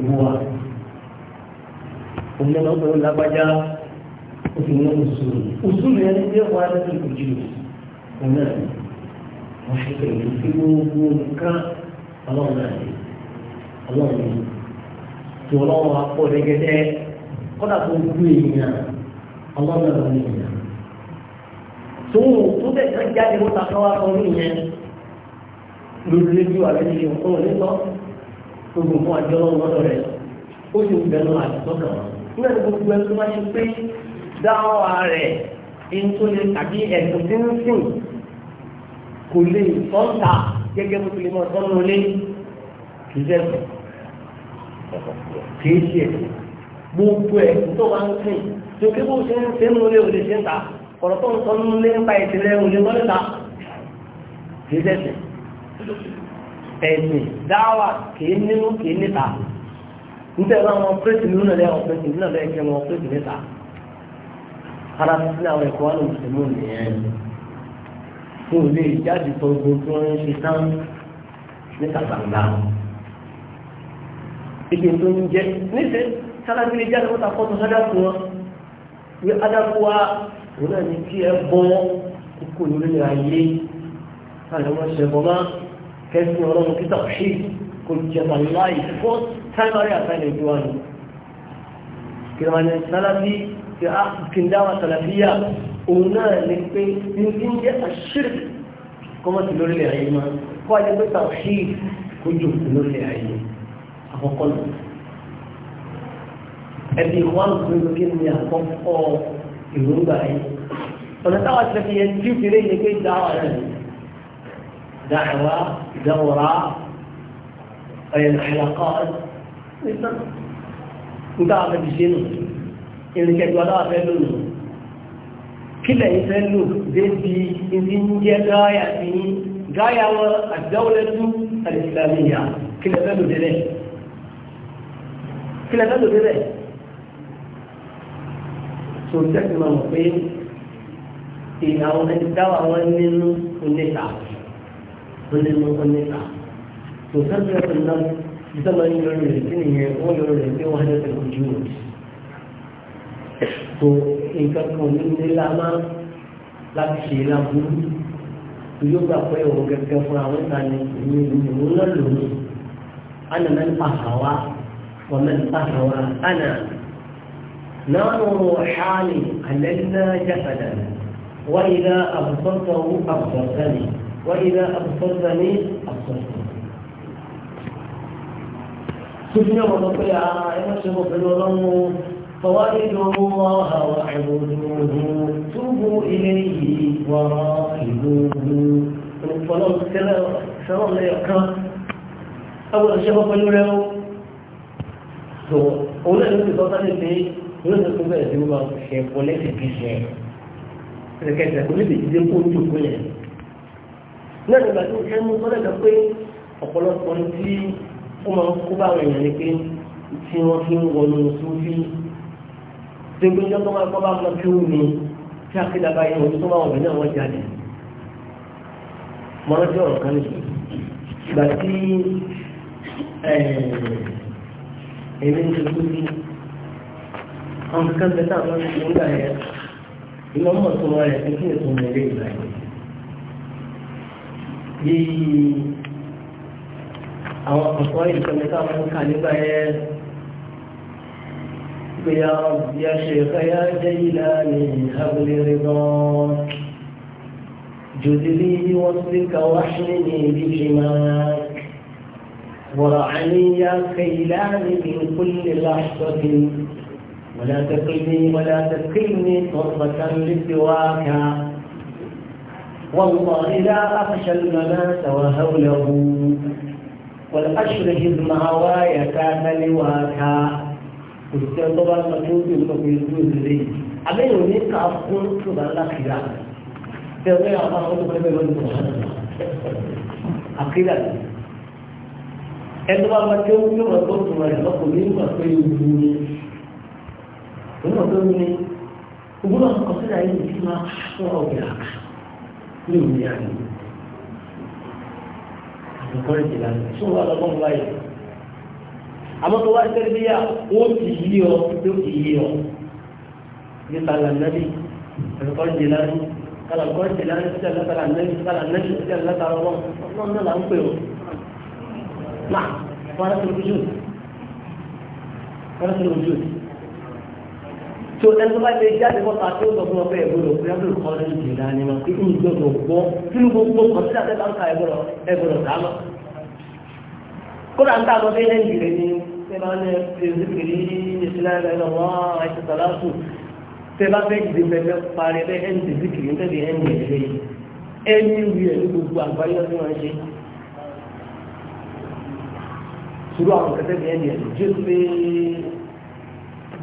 ìwọ wa òun náà ọkùnrin lágbájá ó fi mú òṣùlù yẹn ní pé wọn á òun náà wọ́n ṣe pé èyí tí gbogbo nǹkan ọlọ́run náà ni ọlọ́run ni tí ọlọ́run wa pọ̀ rẹ́gẹ́dẹ́ kọ́dà tó gbogbo èèyàn ọlọ́run náà ni èèyàn tó tó bẹ̀ tán jáde mọ́ta káwá kan ní ìyẹn lórí rédíò àbẹ́lẹ́ ìṣòwò kọ́ gbogbo fún àjọ lọ́dọ̀ rẹ̀ ó sì ń bẹnu àtúntò kan nígbà tí gbogbo ẹni tó bá ṣe pé dáhùn rẹ̀ ìtúlẹ̀ tàbí ẹ̀sùn tí ń sìn kò lè sọ́ńtà gẹ́gẹ́ bó tilẹ̀ máa sọ́nù lé kì í ṣe ẹ̀sùn kì í ṣe ẹ̀sùn gbogbo ẹ̀sùn tó bá ń sìn tó kí bó ṣe ń ṣe ń lé òde ṣe ń ta ọ̀rọ̀ tó ń sọ ń lé nípa òde mọ́lẹ́ta ẹ̀sìn dáwà kìí nínú kìí níta nítorí wọn wọn pírẹ́sì nínú náà lẹ́yìn ọ̀pẹ́sì nínú náà lẹ́yìn kí wọn pírẹ́sì níta ara títí náà ẹ̀kọ́ wọn lòdì sí mú nìyẹn tó lè jáde tó gbogbo tó ń ṣe tán níta gbangba ibi tó ń jẹ níṣẹ́ sálábí lè jáde wọ́n ta kọ́ wọn wí adákùwá òun náà ní kí ẹ bọ́ kókó lórí ayé àlọ́ wọn kẹsìn ọlọ́run títà ṣí kò jẹba láì fún táìmárì àtàlẹ̀ ìjọ ni kìrìmàní sálábí ti a kìndáwà tàlàfíà òun náà ní pé ní kí ń jẹ́ àṣírí kọ́mọ̀tì lórílẹ̀ ayé máa kọ́ ayé pé tà ṣí kò jù lórílẹ̀ ayé àkọ́kọ́ lọ ẹbí wọn kún lókè ní ìrúgbà yìí ọ̀nà táwọn ti yẹn tí ó fi lé yẹ pé dáwà دعوة دورة أي الحلقات انت عارف الشيء اللي كانت ولا فعلوا كلا يفعلوا ذاتي إذن جاء غاية غاية الدولة الإسلامية كلا فعلوا ذلك كلا فعلوا ذلك سورتك ما إلى أن الدواء والنساء lórí mú ọ ní à kò sábẹ́ ọ̀sẹ̀ náà ìjọba yìí lórí rẹ̀ sí nìyẹn wọ́n lórí rẹ̀ sí wọ́n hẹ́lẹ́ tẹ̀lé ojú rẹ̀ tó nǹkan kan ní nílá máa láti ṣe láburú yóò gbà pé òun gẹ́gẹ́ fún àwọn ìta ni ìlú ìlú ìlú náà lòun ana man ahawa wa man ahawa ana نار حالي عللنا جسدا وإذا أبصرته أبصرتني وإذا أبصرتني أبصرتك سجن وضطيع يشرب في الظلم فوائده الله واعبدوه توبوا إليه وراقبوه فلو كلا سلام لا يكره أول شيء قالوا له so ọ̀nà ló ti sọ sáré pé yóò ṣe fún bẹ́ẹ̀ sí wọn ṣe kọ́lẹ́tì kìí ṣe ẹ̀kẹ́sẹ̀ kọ́lẹ́tì náà nígbà tó ṣe mú sọ́dọ̀ lọ pé ọ̀pọ̀lọpọ̀ tí ó máa ń kó bá àwọn èèyàn ni pé tí wọ́n fi ń wọnú sófì dégbé ní ọkọ̀ máa kọ́ bá lọ kí ó ní tí akéda bá yẹn tó bá wọn bẹ̀ náà jáde mọ́rọ́ tí ọ̀rọ̀ kan ní ìgbà tí èmi ń ṣe sófì àwọn kankan bẹ táwọn ń ṣe nígbà yẹn ìmọ̀ mọ̀ tó wọn rẹ̀ kí bí àwọn ọ̀pọ̀ ìkọ̀mẹ́ta wọn kà nígbà yẹn pé ya ọ̀bí aṣèkọ́ yá jẹ́ ìlà ní ìhàbílẹ̀ rán jòdìlí bí wọ́n ti ka wá sí ní ibi jìmá ورعني يا كيلاني من كل لحظة ولا تقلني ولا تقلني طرفة لسواك والله لا أخشى الممات وهوله والأشرح المهوايا كان لواكا كنت طبعا مكتوب يمكن يقول لي أبي يونيك أقول طبعا لا خيرا تقول أما أقول لك بلون أخيرا ẹgbẹ́ ọmọ tí ó ń yóò tó tún rẹ̀ lọ́kùnrin nígbà pé ìlú ni ìlú ọ̀dọ́ ni ìgbọ́n kọ̀ọ̀sílẹ̀ yìí ti máa ń sọ ọ̀gbìn ní ìlú yà ni àbùkọ́ ìdè lánà tí wọ́n lọ bọ́ wáyé àmọ́ tó wá sẹ́rí bí yà ó ti yí ọ tó ti yí ọ nípa lànàbí àbùkọ́ ìdè lánà kàlàkọ́ ìdè lánà sí àlàkà lànàbí kàlànàbí sí àlàkà lọ́wọ́ ọlọ́run náà là ń pè ó náà wọ́n á tó lójú wọ́n á tó lójú tó ẹni tó bá lè jáde bọ́ta tó sọ fún ọbẹ̀ ìgboro ìgboro kọ́lẹ́jì ìlànà ni wọn kí n gbọdọ̀ gbọ́ kí n gbogbo kọ̀sílẹ̀ àti báńkà ìgboro ìgboro dà lọ. kódà ń tàbọ̀ bí ẹni ìrẹ̀ ni ṣé bá lẹ fèrèsìkèrè ìṣẹ̀lẹ̀ ìlọ́wọ́ àìsàn sàlásù ṣé bá fẹ́ jìdí pẹ̀pẹ́ parí bẹ́ ẹni fèrèsìkèrè ń ẹni ẹ̀rẹ́ ẹni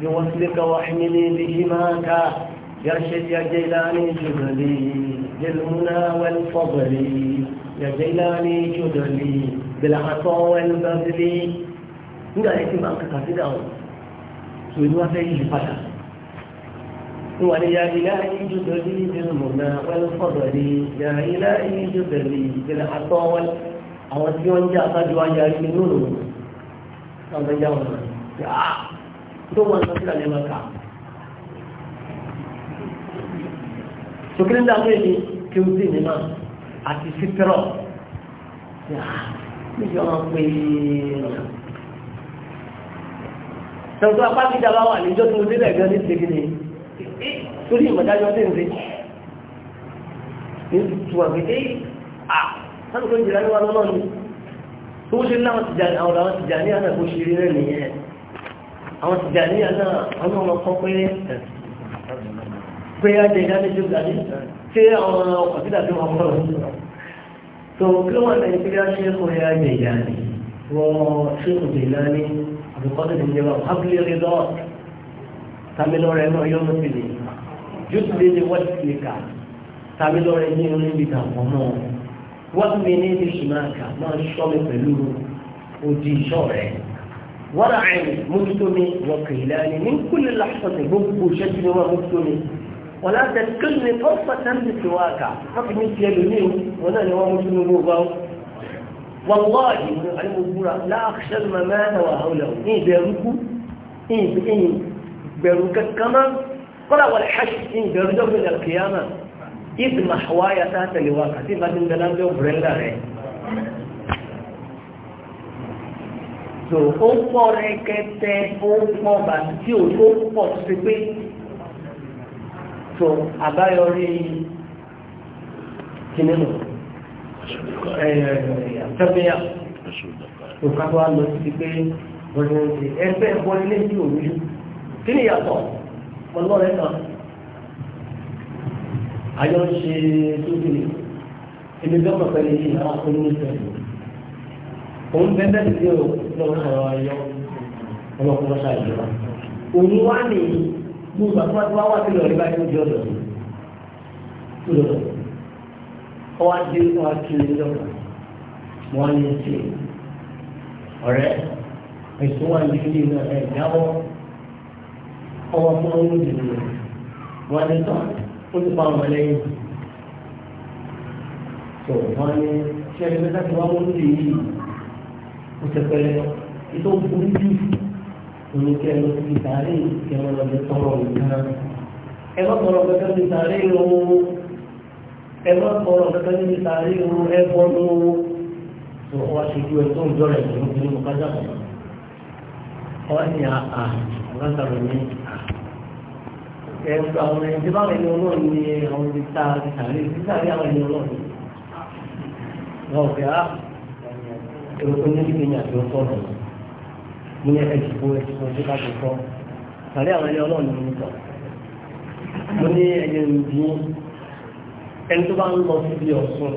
بوصلك واحملي بهماك يرشد يا جيلاني جدلي للمنى والفضل يا جيلاني جدلي بالعطاء والبذل nígbà yẹn tí màá kàkà sí dáhùn tó ní wá fẹ́ yí padà ń wà ní ya ilá ìjọ tẹ̀lé ìdílé mọ̀nà wẹ́lẹ́ fọ̀dọ̀ ní ya ilá ìjọ tẹ̀lé ìdílé àtọ́ wẹ́lẹ́ àwọn tí wọ́n ń jẹ́ àtàjọ ayárí ní lónìí àwọn ọmọ ìyá wọn ní àá tó wọn sọ sílẹ̀ ní mẹ́ka sókè nígbà tó yẹ kí o sì nínú àti sípẹ́rọ̀ níbi ọmọ pé tọ́jú apá gíga bá wà níjọ́ tó dé lẹ́gbẹ́ ní ṣe kíni torí ìmọ̀dájọ́ tí ń ṣe ní tuntun àgbẹ̀ ẹ́ à sánúkọ́ ìjìlá ní wa lọ́nà ni tó ṣe láwọn ti jà ní àwọn ti jà ní àná kó ṣe rí rẹ̀ nìyẹn àwọn ti dàní àná àwọn ọmọ kan pé pé á jẹ ìdáni tó dàní ṣé àwọn ọkọ̀ tí dàbí wọn kọ́ lọ́wọ́ tó kí wọn lè fi dá ṣe kó yá jẹ ìdáni wọn ṣé kò jẹ ìdáni àbíkọ́tà ti jẹba abúlé rẹ lọ tàbí lọ rẹ náà yọmọ sí ni yóò ti lé ní wọ́ọ̀tì sílẹ̀ ká tàbí lọ rẹ ní orí ibi tàwọn náà wọ́n mi ní ní ṣùgbọ́n àkà máa ń ṣọ́ mi pẹ̀lú odi ìṣọ́ rẹ̀. ورعين مفتني وقيلان من كل لحظة بب شجر ومفتني ولا تذكرني طرفة بسواك حكم يدني ونحن ومفتني بوغاو والله علم البراء لا أخشى الممات وهوله إن إيه بيرك إن إيه إيه بيرك كما قال والحشر إن بيرك من القيامة إذ محوايا تحت لواك تبا تندلان بيو برندا رأيه tó ó pọ̀ rẹ́kẹ́tẹ́ ó pọ̀ bàtí tí ò tó pọ̀ sí pé tó àbáyọrí kìnínú ẹ̀ẹ́dẹ́gbẹ́yà tó kápẹ́ wá lọ sí pé wọ́n ti ẹgbẹ́ ẹ̀kọ́ ilé tí ò rí kí ni ìyàtọ̀ ọlọ́rẹ́ kan àjọ ń ṣe tó kìnnì ẹni tó kọ̀ọ̀kan lè yí àwọn akọ́ni ní sẹ́yìn òun bẹ́ẹ̀ bẹ́ẹ̀ sí o lọ́wọ́ ayọ́ ọlọ́kùnrin ṣáà ìjọba òun wá ní gbogbo àti wájú wá wá sí lọ́ọ̀rí báyìí ó di ọ̀dọ̀ lọ́dọ̀ ọwọ́ adé ọwọ́ akíni lọ́wọ́ wọn ní ọ̀rẹ́ ẹ̀sùn wà ní ilé náà ẹ̀ dáwọ́ ọwọ́ fún ọmọ ìdìbò rẹ̀ wọn ní tán ó ti pa ọmọ lẹ́yìn tó wọn ní ṣe ẹni pẹ́ẹ́sì wọn mú ní yìí kò tẹ̀pẹ́ ètò òkúrú jù òní kí ẹ lọ sí ìtàrí kí ẹ lọ lọ tọrọ nǹkan ẹ lọ tọrọ kankan ní ìtàrí o ẹ lọ tọrọ kankan ní ìtàrí o ẹ bọ́ ló tó wá ṣojú ẹ tó ń jọ rẹ̀ lọ́wọ́ kí ló ká jábọ̀ ọ ní àà ọlọ́sàrò ní àà ẹ̀rù àwọn ẹni tí báwọn ẹni ọlọ́run ní àwọn ibi tá a ti tàrí ìtàrí àwọn ẹni ọlọ́run lọ́ọ̀kẹ́ á èròkò ní ìgbéyàn àti ọ̀tọ̀ ọ̀nà ní ẹ̀jìgbó ẹ̀jìgbó tó bá ti kọ́ tàlẹ́ àwọn ẹni ọlọ́run ní ìtọ̀ mo ní ẹni ìdí ẹni tó bá ń lọ síbi ọ̀sùn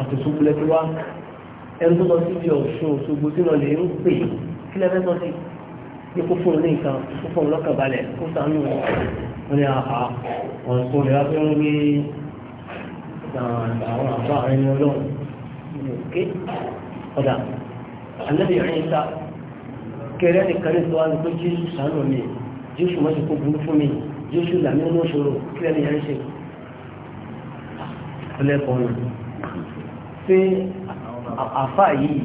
àtòsógbólẹ́ tó wá ẹni tó lọ síbi ọ̀sùn òṣogbo tí wọn lè ń pè kí lẹ́fẹ́ sọ sí pé kó fún un ní nǹkan kó fún un lọ́kàn kó sànú wọn ni àhà ọ̀sùn rẹ̀ wá fẹ́ ń gbé àwọn àbá àwọn ọlọ́run ọ̀dà ànábì Ìsá kẹrẹ nìkan ní sọ́wọ́n ní pé jésù ṣàánú mi jésù mọ́ sí kó burú fún mi jésù làmí ní òṣòro kí ẹni yẹn ṣe ah, ọlẹ́kọ̀ọ́ nù pé àfà yìí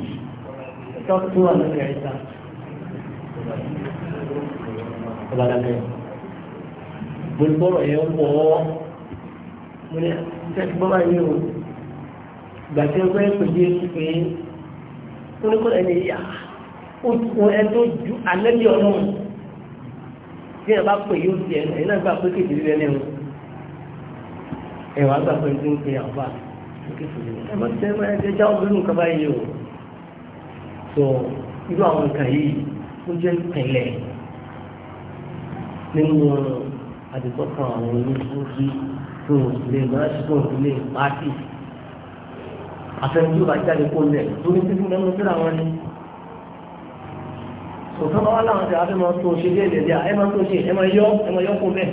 tọ́tún ànábì Ìsá gbogbo ẹ̀yẹ ń wọ́ mo ní ṣẹ́kí oníkọ́lẹ̀ ní ìyá òtún ah, ẹni tó ju alẹ́bí ọlọ́run tí ẹ bá pè yóò di ẹnu ẹ̀yìn náà gbà pé kéde rí ẹni ẹ̀hún ẹ̀wà gbà pé ní pé àbá kékeré ẹ má ti ẹ jẹ́ jáwọ́ bí nǹkan báyìí o sọ irú àwọn nǹkan yìí ó jẹ́ tẹ̀lẹ̀ nínú àdìsọ́kàn àwọn oníṣòwò tí lè má ṣùgbọ́n lè pàtì àfẹnjú bá jáde kó lẹ̀ torí títí mẹ́nu síra wọn ni. sọ̀tọ́ bá wà láwọn ti àfẹ́ máa tó ṣe déédéé díà ẹ máa tó ṣe ẹ máa yọ ẹ máa yọ kó bẹ́ẹ̀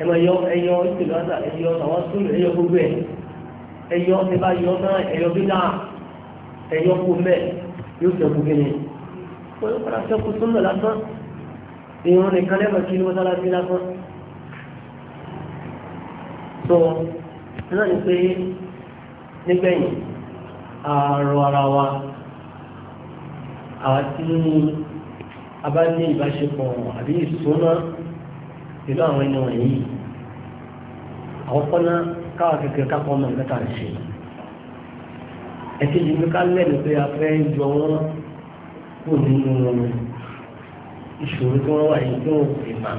ẹ máa yọ ẹ yọ ìṣèlú àṣà ẹ yọ àwọn sùúrù ẹ yọ gbogbo ẹ ẹ yọ ẹ bá yọ náà ẹ bí náà ẹ kó bẹ́ẹ̀ yóò sẹ́kù kí wọ́n yóò padà sẹ́kù súnmọ̀ lásán ìrún nìkan lẹ́mọ̀ nígbẹ̀yìn ààrọ ara wa àti abájẹ́ ìbáṣepọ̀ àbí ìsúná pẹ̀lú àwọn ẹni wọ̀nyí àwọn káwà kékeré kápọ̀ ọmọ nǹkan tàà ṣe ẹ̀kejì ní ká lẹ́nu pé a fẹ́ jọ wọ́n kò nínú ìṣòro tí wọ́n wà yìí tí wọ́n kò lè máa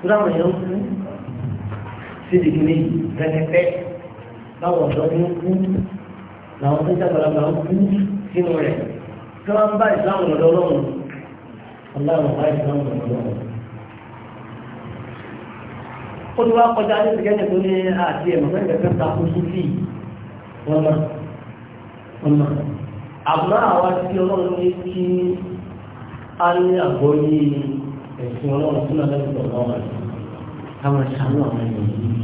tó dáwọn èèyàn kú sí ìdílé gẹ́gẹ́ báwọn ọ̀dọ́ ní kú làwọn tó ń sàgbàlagbà ń kú sínú rẹ̀ kí wọ́n bá ìsìláàmù ọlọ́run ọlọ́run bá ìsìláàmù ọlọ́run. ó ti wá kọjá ní ìgbẹ́jẹ̀ tó ní àti ẹ̀mọ̀ fẹ́ ìgbẹ́fẹ́ ta kó sún sí wọn mọ́ wọn mọ́. àmọ́ àwa tí ọlọ́run ní kí á ní àgbọ́yé ẹ̀sìn ọlọ́run tó náà lẹ́yìn tó lọ́wọ́ rẹ̀ káwọn ṣàánú àwọn ènìyàn yìí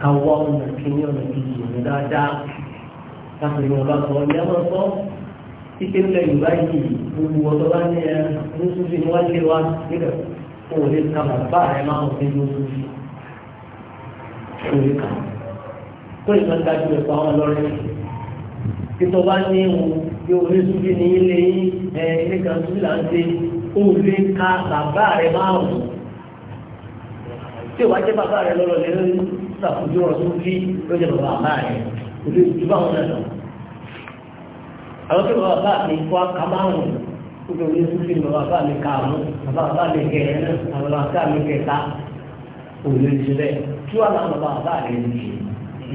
ká wá ọ̀nà kíní ọ̀nà kejì ọ̀nà dáadáa láti ní ọba sọ ní ọmọ sọ títí nílẹ̀ yorùbá yìí gbogbo ọ̀dọ́ bá ní ẹ lóṣooṣù ni wọ́n lé wa níbẹ̀ kó o lè ka bàbá rẹ máa ń fi lóṣooṣù kó o lè kà kó ìgbà dájú ẹ̀ pa wọn títọ́ bá ní o bí o lóṣooṣù ní ilé ẹ ilé kan tó là ń ṣe kó o lè ka bàbá rẹ máa wù tí o bá jẹ́ bàbá rẹ lọ́rọ̀ lẹ́rìí sàkójú ọ̀sùn kí ó jẹ́ bàbá àbá rẹ̀ kò lè jù báwọn náà àwọn tó bàbá àbá mi kọ́ aká márùn-ún kó lè rí sùn bàbá àbá mi kà bàbá àbá mi kẹ̀ náà àwọn àbá mi kẹ̀ kò lè jù bẹ́ẹ̀ kí wàá náà bàbá àbá rẹ̀ lè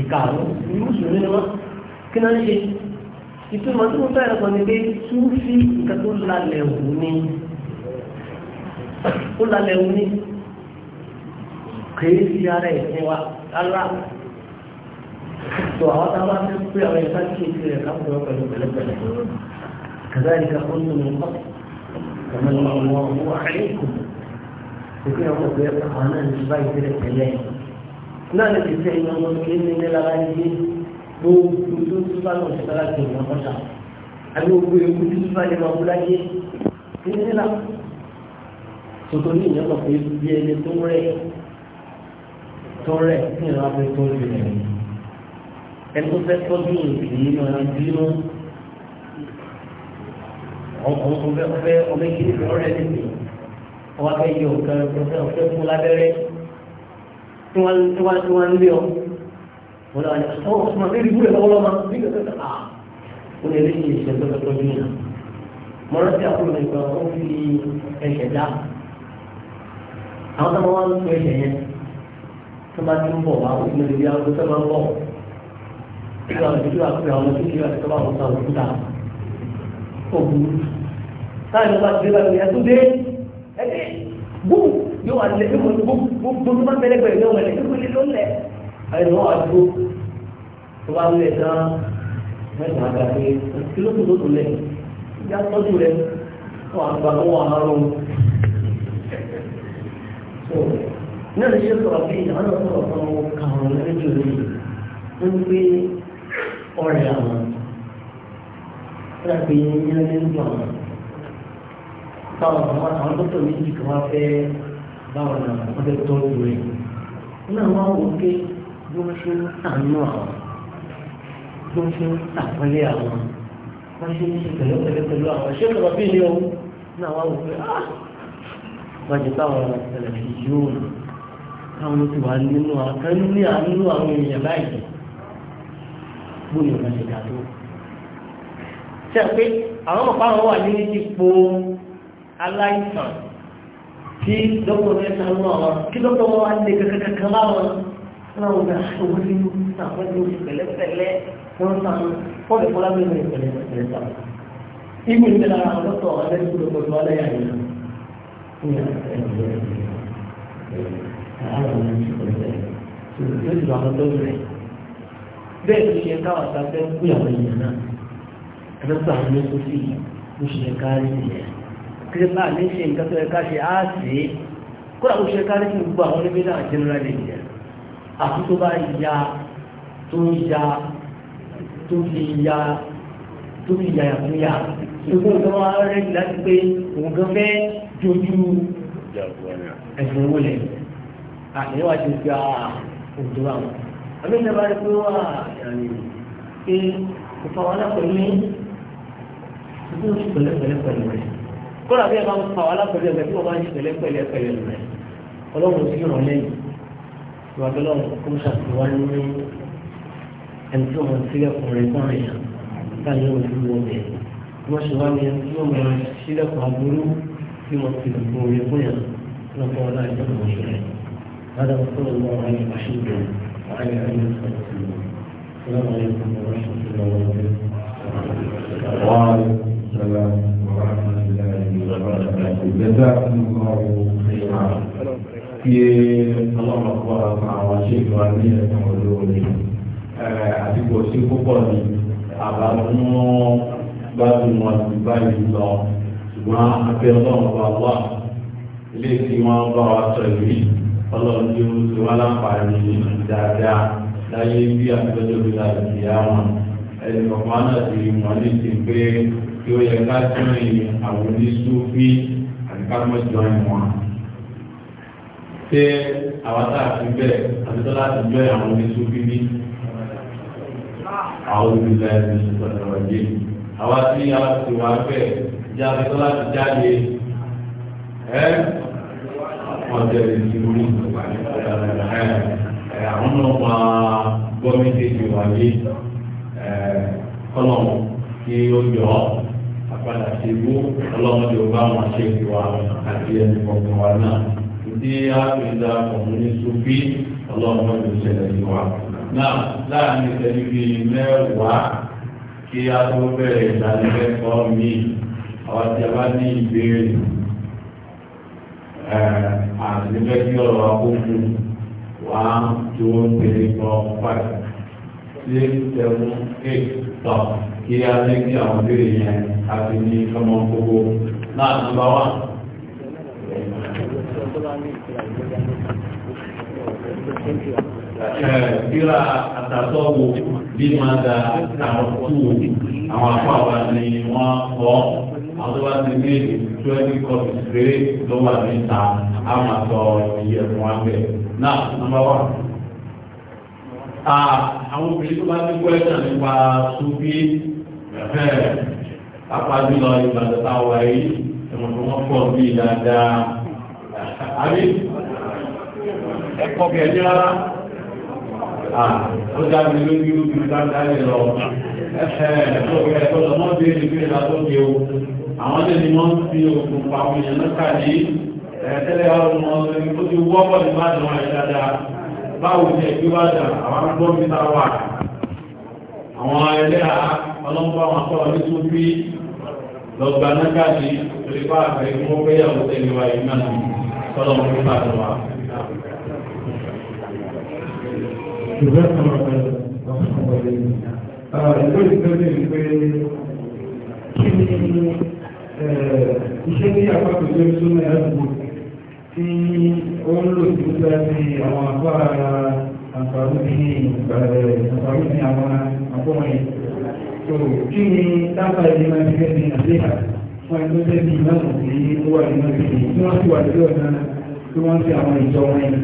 ìkà mú irú sùn nínú wọn kí náà ń ṣe ìtumọ̀ tí mo fẹ́ lọ́kọ̀ ni pé tún nǹkan tó lálẹ́ òun ní kìí sí ara ẹ̀sìn wa rárá tó àwọn táwọn ti pé àwọn ẹ̀ka kí èsì rẹ̀ káwọn ọ̀rọ̀ pẹ̀lú pẹ̀lẹ́pẹ̀lẹ́ كذلك كنت من قبل كما الله عليكم وكنا نقول أنا نسبة إلى الله náà lè fi ẹ̀yìn ọmọ kékeré ní ilé lára yé gbogbo tó tó bá lọ sí lára tó wọn kọjá àbí gbogbo ewu tó tó bá lè máa wúlá yé ní ilé la ní ìyẹn lọ tọrẹ ní ìlànà pé tó ń bìnrin ẹni tó fẹ́ tọ́jú ìbìnrin náà ní bínú ọ̀fẹ́ ọ̀fẹ́ ọ̀fẹ́ kí ní ọ̀rẹ́ nìyí ọwọ́ fẹ́ yọ ọ̀kan ọ̀fẹ́ ọ̀fẹ́ fún lábẹ́rẹ́ tí wọ́n tí wọ́n tí wọ́n lé ọ wọ́n lọ́wọ́ ní ọ̀sán ọ̀sán máa bẹ́ẹ̀ ìwúrẹ́ bí kò tẹ̀sán à ìṣẹ̀ tó fẹ́ tọ́jú náà mọ̀rọ́sí àkúrò nìkan ó fi ẹ̀ṣẹ̀ dá àwọn táwọn wá ń tó ẹ̀ṣẹ̀ yẹn tó bá ti ń bọ̀ wá òun lè rí aago tó bá ń bọ̀ kí wàá fi kí wàá fi àwọn kékeré àti tó bá wọn sá òkúta òkú táyà ló bá ti dé bá mi ẹtú dé ẹdí bú yóò wà lẹ ẹkọ bú bú tó bá bẹ̀rẹ̀ bẹ̀rẹ̀ yóò wà lẹ ẹkọ lé ló lẹ àyẹ̀wò àdúgbò tó bá lẹ tán mẹ́ta àgbà kí ló tó tó tó ìyá tọ́jú rẹ wọn àgbà wọn àárọ̀ so náà ní ṣe sọ̀rọ̀ pé àwọn sọ̀rọ̀ fún ọmọ kàwọn lẹ́jọ́ rẹ̀ ń gbé ọ̀rẹ́ àwọn láti yẹn ní ọdún àwọn báwọn àwọn àwọn dókítà méjì kan wá fẹ́ báwọn náà wọ́n fẹ́ tọ́jú rẹ̀ náà wọ́n wò pé bí wọ́n ṣe ń sàánú àwọn bí wọ́n ṣe ń sàpọ́nlé àwọn wọ́n ṣe ń ṣe pẹ̀lẹ́pẹ̀lẹ́ pẹ̀lú àwọn ṣé sọ̀rọ̀ bí ni o náà wọ́n wò pé ah wọ́n ti táwọn tẹ̀lẹ̀ fi káwọn ló ti wà nínú àkàn ní àánú àwọn èèyàn báyìí bóyá ọ̀gá ṣe dà tó. ṣe pé àwọn ọ̀pá wọn wà ní ipò aláìsàn tí dọ́kọ̀ rẹ̀ ta lọ àwọn kí dọ́kọ̀ wọn wà ní kankan láwọn láwọn ọ̀gá ṣòwò nínú àwọn ní oṣù pẹ̀lẹ́pẹ̀lẹ́ wọ́n ń sàn fọ́n lè fọ́lá mímọ́ ìpẹ̀lẹ́pẹ̀lẹ́ sàn. ibi ìpẹ̀lẹ́ àwọn dọ́kọ̀ alẹ́ láàrín ọ̀nà ìṣòro rẹ̀ yóò ti lọ àwọn lórí rẹ̀ bẹ́ẹ̀ ló ṣe káwọn àtàkẹ́ ń pè àwọn èèyàn náà ẹgbẹ́ àwọn ní kó sí ló ṣe kárí nìyẹn kíkẹ́ bá ní ṣe nǹkan tó yẹ ká ṣe á sí i kó làwọn ṣe kárí fún gbogbo àwọn oníbí náà jẹ́nura lè yẹ àti tó bá ya tó ya tó fi ya tó fi ya yàtọ̀ ya gbogbo nǹkan wọn á rẹ́jì láti pé òun gan fẹ́ dojú ẹ̀sìn wọlé àyẹ̀wò àti ìgbà òjò àwọn àbí ìjọba rẹ pé wà pé ìfọwọ́lá pẹ̀lú yín ìdí oṣù pẹ̀lẹ́pẹ̀lẹ́ pẹ̀lú rẹ̀ kódà bí ẹ máa ń fọwọ́lá pẹ̀lú ẹgbẹ́ tí wọ́n bá ń ṣe pẹ̀lẹ́pẹ̀lẹ́ pẹ̀lú rẹ̀ ọlọ́run sí ràn lẹ́yìn ìwádìí ọlọ́run kó ṣàtìwá ní ẹni tí wọ́n sílẹ̀ fún rẹ̀ fún rẹ̀ láàyè ojú wọ́n ti lè هذا رسول الله عليه الرحيم وعلى اله وصحبه السلام عليكم ورحمه الله وبركاته وعليكم السلام ورحمه الله وبركاته جزاكم الله خيرا في الله اكبر مع وشيخ وامير مولود àti kò sí púpọ̀ ní àbámọ́ gbádùn wọn ti báyìí lọ ṣùgbọ́n abẹ́ ọlọ́run bá wà ilé tí wọ́n bá ọlọ́run tí ó ti wá láǹfààní dáadáa láyé bí àtọ́jọ́ bí láti fi àwọn ẹni kọ̀ọ̀kan náà ti mọ̀ ní ti pé kí ó yẹ ká join àwọn oníṣúfí àti ká mọ̀ join wọn. ṣé àwọn tá a fi bẹ́ẹ̀ àti láti join àwọn oníṣúfí ní àwọn olùdílé ẹni ìṣòro ọ̀jẹ̀ àwa tí a ti wá bẹ́ẹ̀ jáde tó láti jáde ẹ́ ọjọ́ ìdí orí àwọn ọmọ gọ́ọ̀mẹ́ntì ti wáyé kọ́lọ́mù kí ó yọ ọ́ àpàdà sí ibú ọlọ́mọ tí ó bá wọn ṣe ìwà àti ẹni kọ̀ọ̀kan wa náà ìdí àpèjà ọ̀mùnì sófì ọlọ́mọ tó ṣẹlẹ̀ sí wa. náà láàrin ìṣẹ́jú bíi mẹ́wàá kí a tó bẹ̀rẹ̀ ìdánilẹ́kọ̀ọ́ mi àwọn bá ní ìbéèrè àti bẹ́ẹ̀ kí ọ̀rọ̀ wa kó fún one two three four five six seven eight tọ̀ kí a lé kí àwọn ìbéèrè yẹn àti ní ọmọ gbogbo náà ti bá wà. Kíra àtàtọ̀ wo bí máa da àwọn tó àwọn àpá wa ni wọ́n kọ́ àwọn tó bá ti ní twenty copies péré ló wà níta á máa sọ iye ẹ̀fọn wa bẹ́ẹ̀. náà nọ́mbà wà. àwọn obìnrin tó bá ti kọ́ ẹ̀sán nípa sufi pápá jùlọ ìgbàdàn tá a wà yìí ẹ̀mọ̀ tó wọ́n pọ̀ bí dáadáa. àbí ẹ̀kọ́ kẹ̀ẹ́ ní rárá ó dábí lórí ojú dáadáa lè lọ ẹ̀kọ́ kẹ̀ẹ́ tó lọ́mọ́ bí ẹni pé ìlà tó jẹun àwọn ilé ni wọ́n fi òkun pa àwọn èèyàn lọ́kà ní ẹ̀ẹ́tẹ́lẹ̀ ọ̀rọ̀ wọn lórí tó ti wọ́pọ̀ ní bá dùn àyè dáadáa báwo ni ẹgbẹ́ bá dà àwọn agbọ́n mi ta wà àwọn ẹlẹ́à ọlọ́pàá àwọn akọ́wà ní tó bí lọ́gbà lọ́kà ní torí bá àgbẹ̀ kí wọ́n gbéyàwó tẹ̀lé wa yìí náà sọ́dọ̀ wọn nípa dùn wa. Ìgbésẹ̀ ọ̀rọ̀ ẹ̀rọ ọ̀sán ọ̀rọ̀ Eh, iṣẹ́ tí àpapọ̀ tó tó mẹ́ àdúgbò tí ó ń lò tó fẹ́ sí àwọn àpá àǹfààní ní eh, àǹfààní ní àwọn àpọ̀wọ̀nyí tó kí ni tábà ilé máa ń fẹ́ sí àdéhà fún ẹni tó fẹ́ sí ìmáàmù sí ó wà nínú ìpè tí wọ́n sì wà lórí ọ̀nà tí wọ́n fi àwọn ìjọ wọn yìí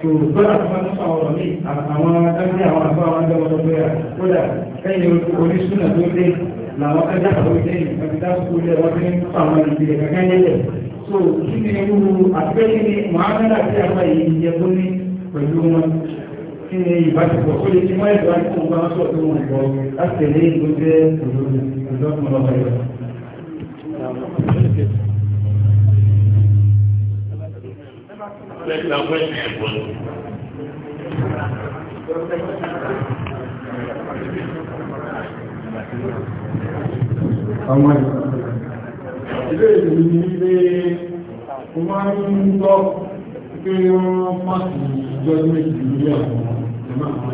tó gbọ́dọ̀ fún ẹni sọ ọ̀rọ̀ ní àwọn ẹgbẹ́ àwọn àpá àwọn ẹgbẹ́ wọn làwọn kan jáde lórí lẹ́yìn àti dásìkò ilé wọn fi ń fà wọn ìdílé kankan yẹlẹ̀ so kí ni irú àtúgbẹ́yìn ni mọ̀hámẹ́dà tí a máa yìí yẹ tó ní pẹ̀lú wọn kí ni ìbáṣepọ̀ tó lè ti mọ́ ẹ̀dọ́ àti òun bá wọn sọ̀tún wọn bọ̀ láti tẹ̀lé ìlú jẹ́ òdòdó àwọn ilé ilé o máa ń gbọ́ pé wọ́n má sí ìjọ́jú méjì lórí àwọn ẹ̀mọ́ àwọn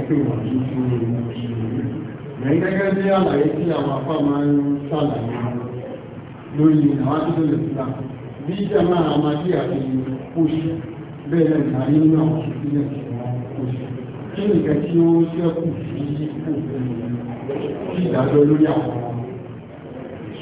ẹgbẹ́ wọ̀n ní ṣe ìrìn gẹ́gẹ́ bí àlàyé tí àwọn apá máa ń ṣàlàyé lórí àwọn akíkọ́ lè fìlà bí ìjà máa àwọn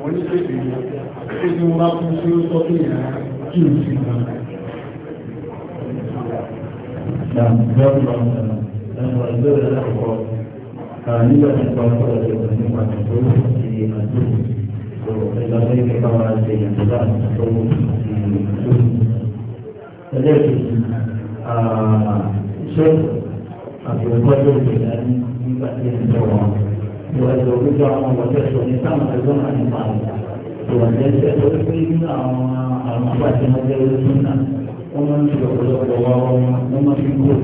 wọ́n ní pèsè ní pé tí wọ́n bá fún sí ó sọ pé ìyá kí n sì gbà. Nígbà tí wọ́n sọ̀rọ̀ ìwọ̀n nípa ìṣòro àti àdúgbò, ìgbà tí wọ́n bá wà ṣe ìyàtọ̀ láti ìṣòro àti àdúgbò. Ẹlẹ́ẹ̀kejì, ṣé àbẹ̀wò pẹ́ẹ́lú ìgbà ìwà ìlú òkúta àwọn ọ̀gbọ̀tẹ́ sọ ní táwọn ẹgbẹ́ wọn ní pa àwọn ìwà ìjẹsẹ̀ tó pé nínú àwọn àwọn abájẹ wọn jẹ́ ojú náà wọ́n máa ń fi ọ̀pọ̀lọpọ̀ wá wọn wọ́n máa fi kúrò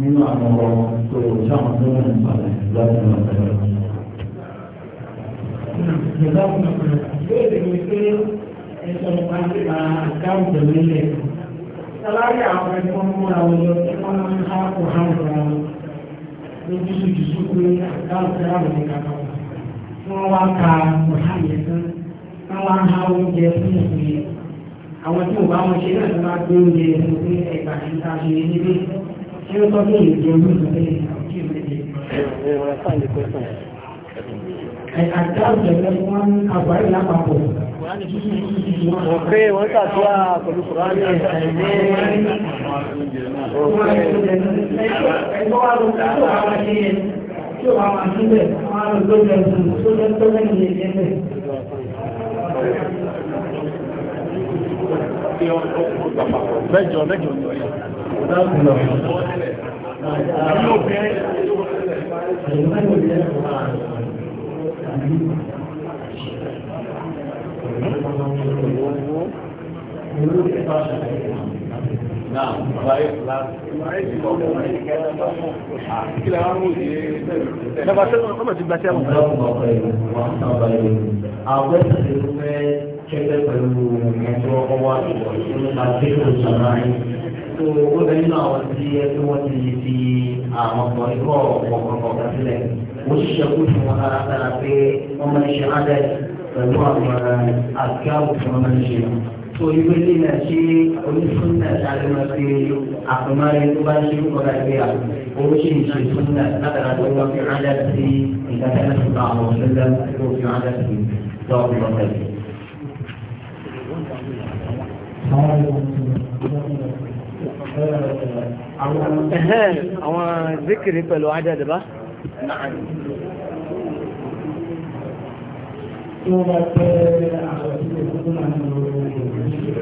nínú àwọn ọ̀rọ̀ tó táwọn ẹgbẹ́ wọn ní pa àwọn ìwà ìjẹsẹ̀ Ìbéèrè àwọn ẹ̀kọ́ mú àwọn ọjọ́ tí wọ́n máa ń há kò há ní jíṣù jíṣù pé àtàwọn ìṣẹ́lá wọ̀ ní kàkà wọ́n wá ka ọ̀hán yẹn tán wọ́n wá ha oúnjẹ fún ìpè àwọn tí ò bá wọn ṣe náà tó bá gbé oúnjẹ fún pé ẹgbà tí ta ṣe nílé ṣé ó tọ́jú ìrìnàjò olóògbé àti ìrìnàjò. àtàwọn ìṣẹ́lá wọn àgbáyé lápapọ̀ òkè wọ́n tàtúwà pẹ̀lú kùránì Mẹ́jọ mẹ́jọ Yóò bẹ́ẹ̀ Àwọn ẹ̀sìn ti fẹ́ kẹ́kẹ́ pẹ̀lú ẹ̀jọ́ ọwọ́ àti ìṣọ̀nà yìí. Tó ó bẹ nínú àwọn tí ẹbí wọ́n ti fi àwọn ọ̀pọ̀ ikọ̀ ọ̀pọ̀ kọ̀ọ̀kan sílẹ̀. Mo ṣiṣẹ́ kó fún wọn lára sára pé wọ́n máa ń ṣe ádẹ́sì. pẹ̀lú àwọn àgbáwò tí wọ́n máa ń ṣe. tó ìwé lílà ṣe onífúnnà sáré máa fi àpamárẹ tó bá ṣe ń kọ́ra ìwé à owó ṣe ń ṣe fúnnà látara tó wọ́n fi rádà sí ìdájọ́ láti bá àwọn ọ̀ṣẹ́lẹ̀ tó fi rádà sí lọ́wọ́ lọ́tẹ̀. àwọn zikiri pẹ̀lú àdàdàbà. tí wọ́n bá tẹ́ àwọn ìdílé tó náà ní ọ̀rọ̀ ìgbésẹ̀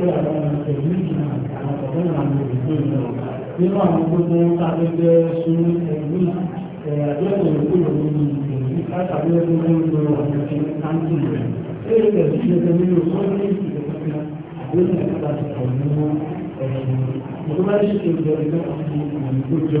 tó àwọn ìṣẹ̀lú ìgbìmọ̀ àwọn ọ̀rọ̀ àwọn ìgbésẹ̀ náà nínú àwọn gbogbo abẹ́gbẹ́ sórí ẹ̀mí àjọyọ̀ ìgbòho ní ìgbìmọ̀ látàbí ẹgbẹ́ tó ń lo àwọn ìṣẹ̀lú káńtì rẹ̀. Ṣé ìgbẹ̀ sí ṣe tẹ́lẹ̀ ní ọ̀sán ní ìgbìmọ̀ àgbẹ̀sẹ̀ nípa ti pọ̀ nínú ẹ̀sìn. Mo tó bá ṣe ìgbẹ̀rẹ̀ náà ti ìgbìmọ̀ tó jọ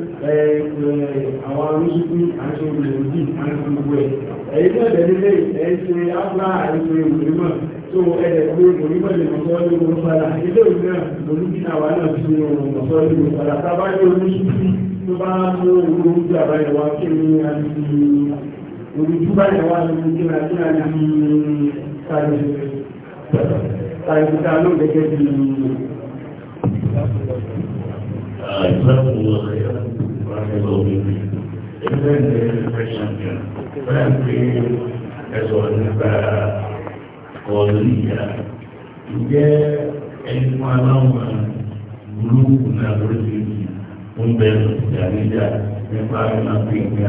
àwọn arúgbó àti olùdí àti gbogbo ẹ̀ ẹ̀yí náà tẹ̀lé ẹ̀yí ṣe ápá àìṣe ìwòrímọ̀ tó ẹ̀dẹ̀ pé ìwòrímọ̀ lè mọ̀sọ́ ní ogun padà ilé òun náà olùdíjà wa náà ti mọ̀sọ́ ní ogun padà tábà ní olùdí tó bá mú owó oúnjẹ àbáyẹ̀ wa kí ni a ti fi olùdí báyẹ̀ wa ní kí ni a ti fi tàbí tàbí tàbí gẹ́gẹ́ bí. Ìgbà wo ni wọ́n ṣe yọ? will be. If there is a question here, then we as well as for the leader. Ǹjẹ́ ẹni fún aláwọ̀ gúrúùpù náà lórí ti ń bẹ̀rù ìdàníjà nípa àwọn akéèké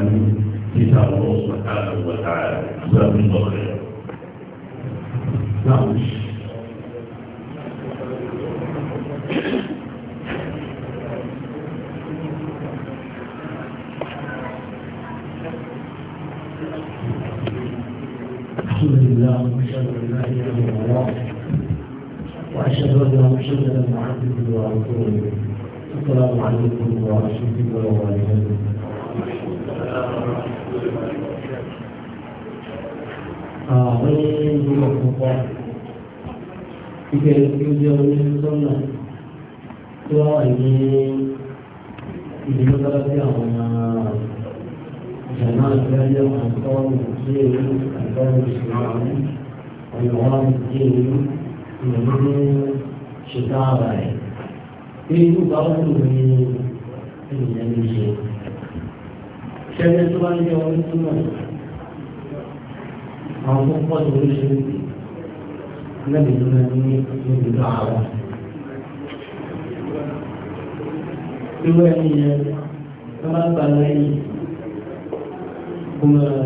وبركاته السلام عليكم ورحمة الله وبركاته àwọn ìlú ọ̀pọ̀pọ̀ ìbẹ̀rẹ̀ tí ó jẹ́ oníṣẹ́sọ́nà tó wà ní ìdílé tọ́lá àwọn ìjàmá àgbáyé àwọn akọ́wọ́n ìdílé ìlú àgbáyé ìṣúná àwọn ìwọ̀n ìdílé ìlú ìlú ṣètà àbáyé pé nígbà ọdún ní ènìyàn ní ṣe ṣẹlẹ̀ tó bá ní ọdún tó náà àwọn tó pọ̀ tó ṣe lẹ́bi tó náà ní ibùdó àwọn irú ẹni tó bá gbà lẹ́yìn kó máa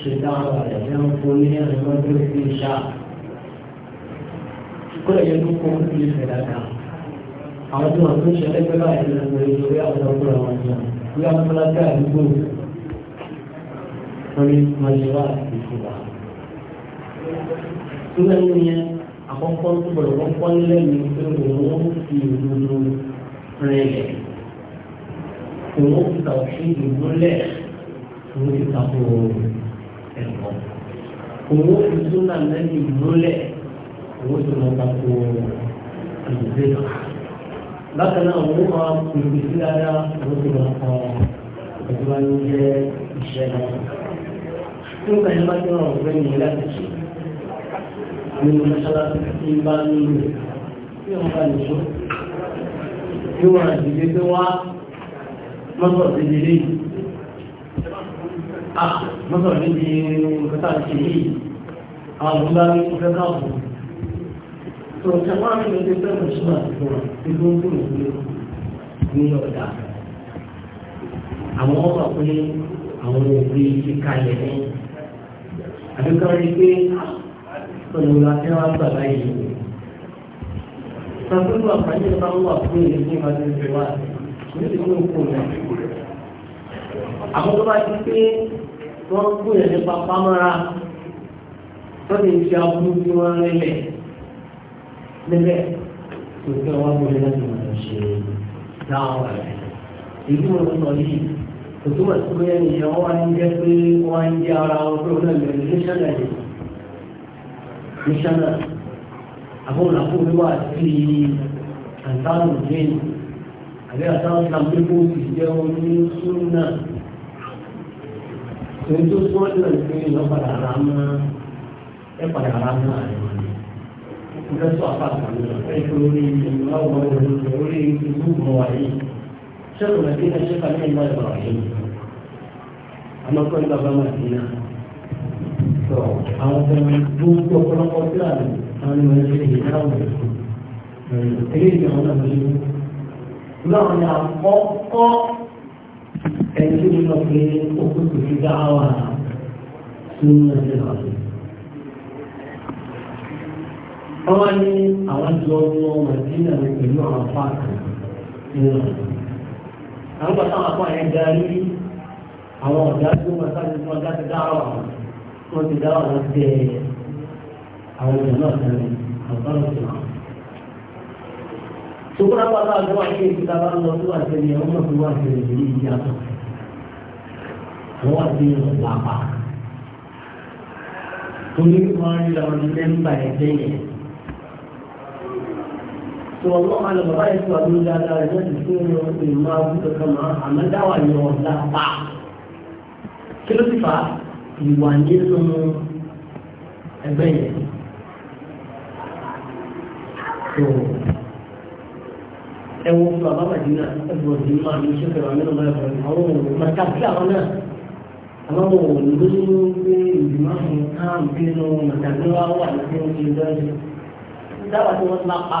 ṣe dáhùn rẹ̀ ní àwọn tó ní ẹ̀rọ lọ́dún ní ìṣá kó lè yẹ dáadáa àwọn tí wọ́n tún ṣe ẹgbẹ́ láàrin ìlú ìlú àwọn ọ̀pọ̀ àwọn ìjọ bí wọ́n fún lágbà àdúgbò lórí mọ̀lẹ́wà ìṣúra. Túbẹ̀ ní yẹn àkọ́kọ́ tó bọ̀rọ̀ kọ́kọ́ lẹ́nu pé òun fi ìlú rẹ̀lẹ̀. Òun fi tàwọn sí ìlú lẹ̀ òun fi tàkó ẹ̀kọ́. Òun fi túnà lẹ́nu ìlú lẹ̀ òun fi lọ tàkó àlùfẹ́ náà bákan náà wọ́n máa pèsè sí ara wọ́n ti máa kọ́ ọ̀dọ́ máa ń jẹ́ iṣẹ́ náà. tí ó kàn yín bá ti rán ọ̀gbẹ́ mi láti ṣe nínú mọ́ṣáláṣí tí ń bá nílò tí wọ́n bá lè ṣó. bí wọ́n á dìde pé wá mọ́tò ti di ah, mọ́tò ti di nǹkan tá a ti lé àwọn ọ̀gbọ́n bá ní ìfẹ́ káàbọ̀ tó ìjọba ní ọdún bẹ́ẹ̀ ṣúná fún wa ìlú ń dùn ní ní ọ̀dà àwọn ọmọ pé àwọn òbí ti kalẹ̀ ní àdúgbò rí pé pẹ̀lú akẹ́wà gbà báyìí sàkóso àpàdé bá ń wà fún ìlú ní ọdún tó wà ní ìlú òkú rẹ̀ àwọn tó bá ti pé wọ́n ń gbìyànjú papá mọ́ra wọ́n ti ń ṣe abúlé tí wọ́n ń rẹ́lẹ̀ níbẹ̀ tó fẹ́ wá wọlé láti máa ṣe dáhùn rẹ̀ èyí wọn sọ yìí kò tó wà sí bóyá nìyẹn wọn wá ń jẹ pé wọn á ń jẹ ara wọn pé wọn náà lè ní sánà yìí ní sánà àbúrò àbúrò wà sí àtàwọn ìdíyẹn àbí àtàwọn ìlànàmọ́tò ti jẹ́ oní súnà tó ń tó sọ́ọ́dọ̀ ìpínlẹ̀ ọ̀padà àrámá ẹ̀ padà àrámá rẹ̀ ìfẹ́sọ̀ àpàtàkì ẹ̀kọ́ lórí ìlúwàwọ̀ lórí ìlú mọ̀wáyé ṣẹ́kùn àti ẹ̀ṣẹ́kà ní ìlú ìbọ̀rọ̀ yìí àmọ́kọ́ ní bàbá màdínà tó àwọn ọmọ gbogbo ọ̀pọ̀lọpọ̀ ọwọ́ ní àwọn lọ mọ màdínà rẹ pẹ̀lú àwọn fáàkì nínú àwọn bàtà àwọn àpá yẹn darí àwọn ọ̀dà tó wọn sáré fún ọjà ti dáhà wọn wọn ti dáhà wọn tẹ àwọn ìjà náà sáré àwọn bá wọn sọ. sukura bàtà àti wọn ṣe ìfúta bá lọ sí wàá tẹ̀lé ọmọ tó wàá tẹ̀lé ìdílé ìdí àtọ̀ àwọn wàá tẹ̀lé ọ̀pá àpá torí wọn rí lọ ní mẹ́mbà ẹgbẹ́ yẹn to Allah ala bàbá yẹn tó àdúró dáadáa rẹ̀ náà ti fún un ní máa wú kankan mọ́ àmọ́ dáwà ni wọ́n dá pa. kí ló ti fà á ìwà nínú ẹgbẹ́ yẹn. tó ẹ wo fún bàbá màdínà ẹ bọ̀ sí máa ní ṣé kẹwàá mẹ́rin bá yẹn àwọn òun màtá sí àwọn náà àwọn òun ló ń gbé ìgbìmọ̀ àwọn káàmù kí ló ń màtá sí wọn wà ní kí wọ́n ti dájú. dáwà tí wọ́n ti máa pa.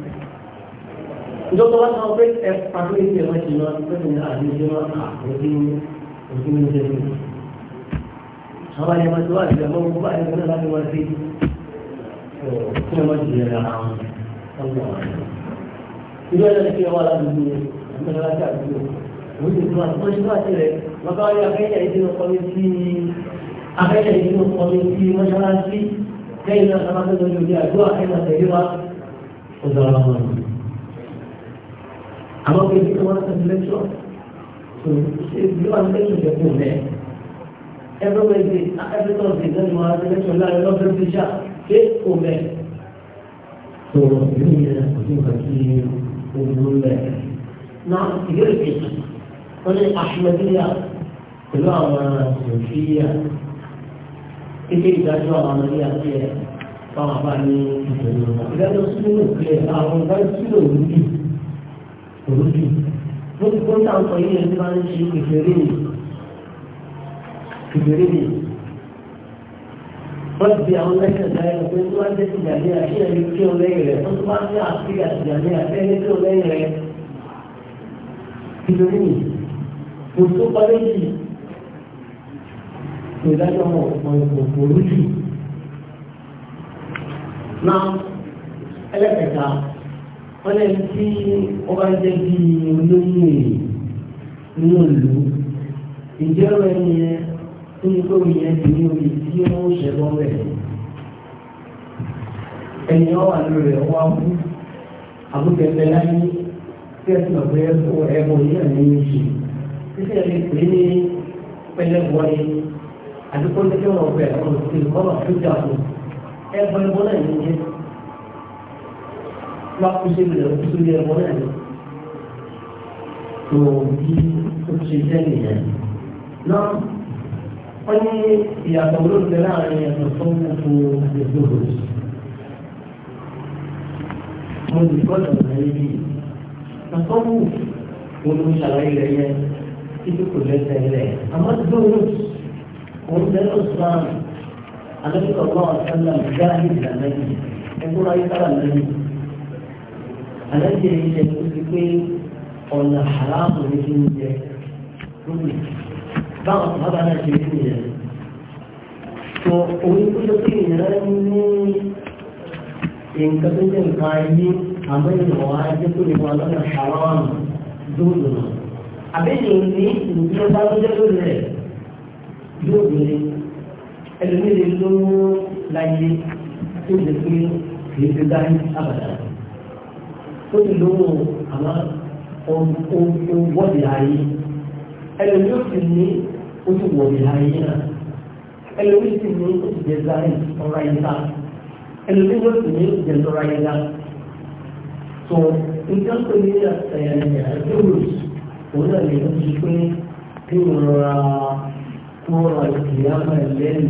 ìjọba wa pé ẹ pàtó ní ìjọba ti lọ pé ní àdéjọ àkójú ojú ní ìjọba àwọn àyẹ̀wò tó wà ìjọba wọn bá ẹgbẹ́ náà láti wọ́n sí kí wọ́n ti yẹra àwọn ọmọ ìjọba náà kí wọ́n ládùúgbò ẹgbẹ́ náà láti àdúgbò òun ti fún àwọn ìṣúná àti rẹ̀ wọ́n bá wáyé akẹ́yẹ̀ ìdí ọkọ̀ mi sí akẹ́yẹ̀ ìdí ọkọ̀ mi sí mọ́ṣáláṣí lẹ́yìn náà sábà tó lórí àdúrà ẹ̀yìn àtẹ̀lé wa ó dọ̀rọ̀ àwọn ọ̀nà àmọ́ pé kí wọ́n ṣe lẹ́tọ̀ tó ṣe bí wọ́n ṣe lẹ́tọ̀ ṣe fún mẹ́. ẹgbẹ́ bẹ́ẹ̀ ṣe ẹgbẹ́ ṣe lẹ́nu wọn ṣe lẹ́tọ̀ láàrin lọ́fẹ́ fi ṣá ṣe kò mẹ́. tó o ní ìyẹn kò sí nǹkan tí o dúró mẹ́. na ìbéèrè kejì wọ́n ní ahmadiyya pẹ̀lú àwọn sòfíà kéke ìdájọ́ àwọn ọmọdé àti ẹ̀ fáwọn abáyé ìdòwò ìdájọ́ sílẹ̀ òkè àwọn ìdájọ́ sílẹ̀ òkè kò rújú ó ti kó táwọn sọ yìí ẹni máa ń ṣe kékeré ni kékeré ni wọ́n ti di àwọn lẹ́sẹ̀ dáyẹ̀ pé tó bá jẹ́ tìjàdé àti ẹni kí o lẹ́yìn rẹ̀ tó bá ní àti àtìjàdé àti ẹni kí o lẹ́yìn rẹ̀ kékeré ni kò tó parí yìí kò dájọ́ mọ̀ ọ̀pọ̀ kò rújú. Náà ẹlẹ́kẹ̀ta wọ́n lè tí wọ́n bá jẹ́ bí olóyún èrè nínú ìlú ìjọba ẹni yẹn tó ní kó yẹn ti ní omi tí ó ń ṣẹ̀bọ́ rẹ̀ ẹni wọ́n wà lórí rẹ̀ wọ́n á kú àbúkẹ́fẹ́ láyé kẹ́sì ọ̀gbẹ́ ẹ̀bùn yíyà ní oṣù títí ẹ̀rí pé ní pẹ̀lẹ́ àdúgbò tẹ́kẹ́ wọn ọ̀gbẹ́ ọ̀sìn kọ́nà fújà fún ẹ̀bùn wá kú sí ìrẹ̀ kú sí ilé náà ni tó bí ó ṣe jẹ́ nìyẹn náà wọ́n ní ìyàtọ̀ olóògbé láàrin ẹ̀sọ̀ tó ń fún ìgbòho mo lè gbọ́dọ̀ láyé bí àtọ́wò olùṣàlàyé rẹ̀ yẹ títí kò lẹ́sẹ̀ rẹ̀ àmọ́ dúró òun lẹ́nu yìí àlẹ́jẹ̀ ilẹ̀ tó ti pé ọ̀nà àràbò ní kí n jẹ lórí báwọn bàbá náà ṣe rí nìyẹn tó orí tó tó kí ìrẹ́ ní nǹkan tó jẹ́ nǹkan ayé àmọ́ ìwọ̀n wa jẹ́ tó lè wọn lọ́nà àràbò dóòdò jẹ́ lórí ni ẹlòmíì lè lówó láyé tó lè pé àbàdà tó ti lówó àmọ́ ohun wọ́ọ̀dì ayé ẹlòmí ó sì ní ó ti wọ̀ọ̀dì ayé náà ẹlòmí sì ní ó ti jẹ zarin ọ̀rá ìta ẹlòmí ó sì ní ó ti jẹ lọ́ra ìta tó nǹkan tó ní ẹ̀ẹ́dẹ́gbẹ̀rún òun náà lè ń ṣe pé kí wọ́n rọra kó ọ̀rọ̀ ìyáma ẹlẹ́yìn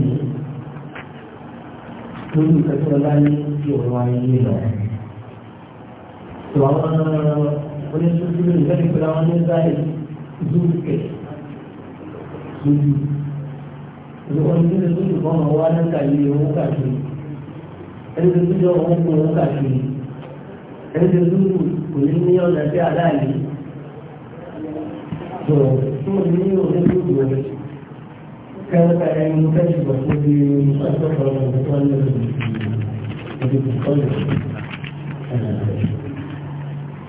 lórí ìfẹ́sọ̀rọ̀ láyé tí ọ̀rọ̀ ayé lọ tó àwọn oníṣòwò ló ń fẹ́ pẹ̀lú àwọn oníṣàlẹ̀ zúùkẹ̀ lójú olùkọ́ ní kíni tó dùn fọ́nà wá ní kàyé owó kàkiri ẹni tó tó jọ òun kó owó kàkiri ẹni tó tó dùn kò ní ní ọ̀nà tí aláàlì tó tó ní òun tó dùn rẹ̀ kẹ́ńtà ẹni fẹ́ ṣùgbọ́n tó di ọjọ́ kan ọ̀gbọ́n tó ń lò ní ìdíje kọ́lẹ̀.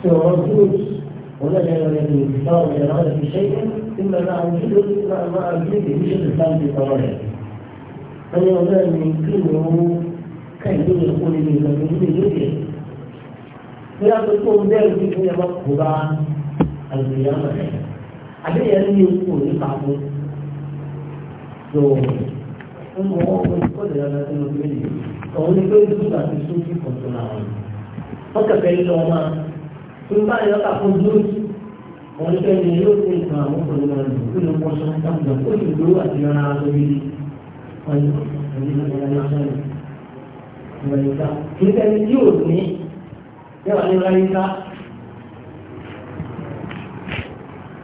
في الردود ولدى الذي صار من الغد في شيء إما مع وجوده مع وجوده بشكل ثابت في قراره فهي وزن يمكنه كيف يقول لي من وجوده فلا تكون ذلك هي مقبوضة القيامة عليه أن يكون يقعد fún mọ ọkọ ìkọlẹ yàrá tí mo gbé yìí òun ni pé nígbà tí sókè kọtò náà wọn kẹfẹ yìí lọ máa ni tó bá yọ ká fún lóòtù wọn ní kẹ́ni yóò fi nǹkan àwọn ọkùnrin náà lò kí ló pọ́n sọ́n tàbí ó sì lówó àti rárá aṣọ yìí ọyọ ẹni náà yára yára sọ́yìn ìwà ìta kí kẹ́ni yóò ní yàrá ní ráyé ká.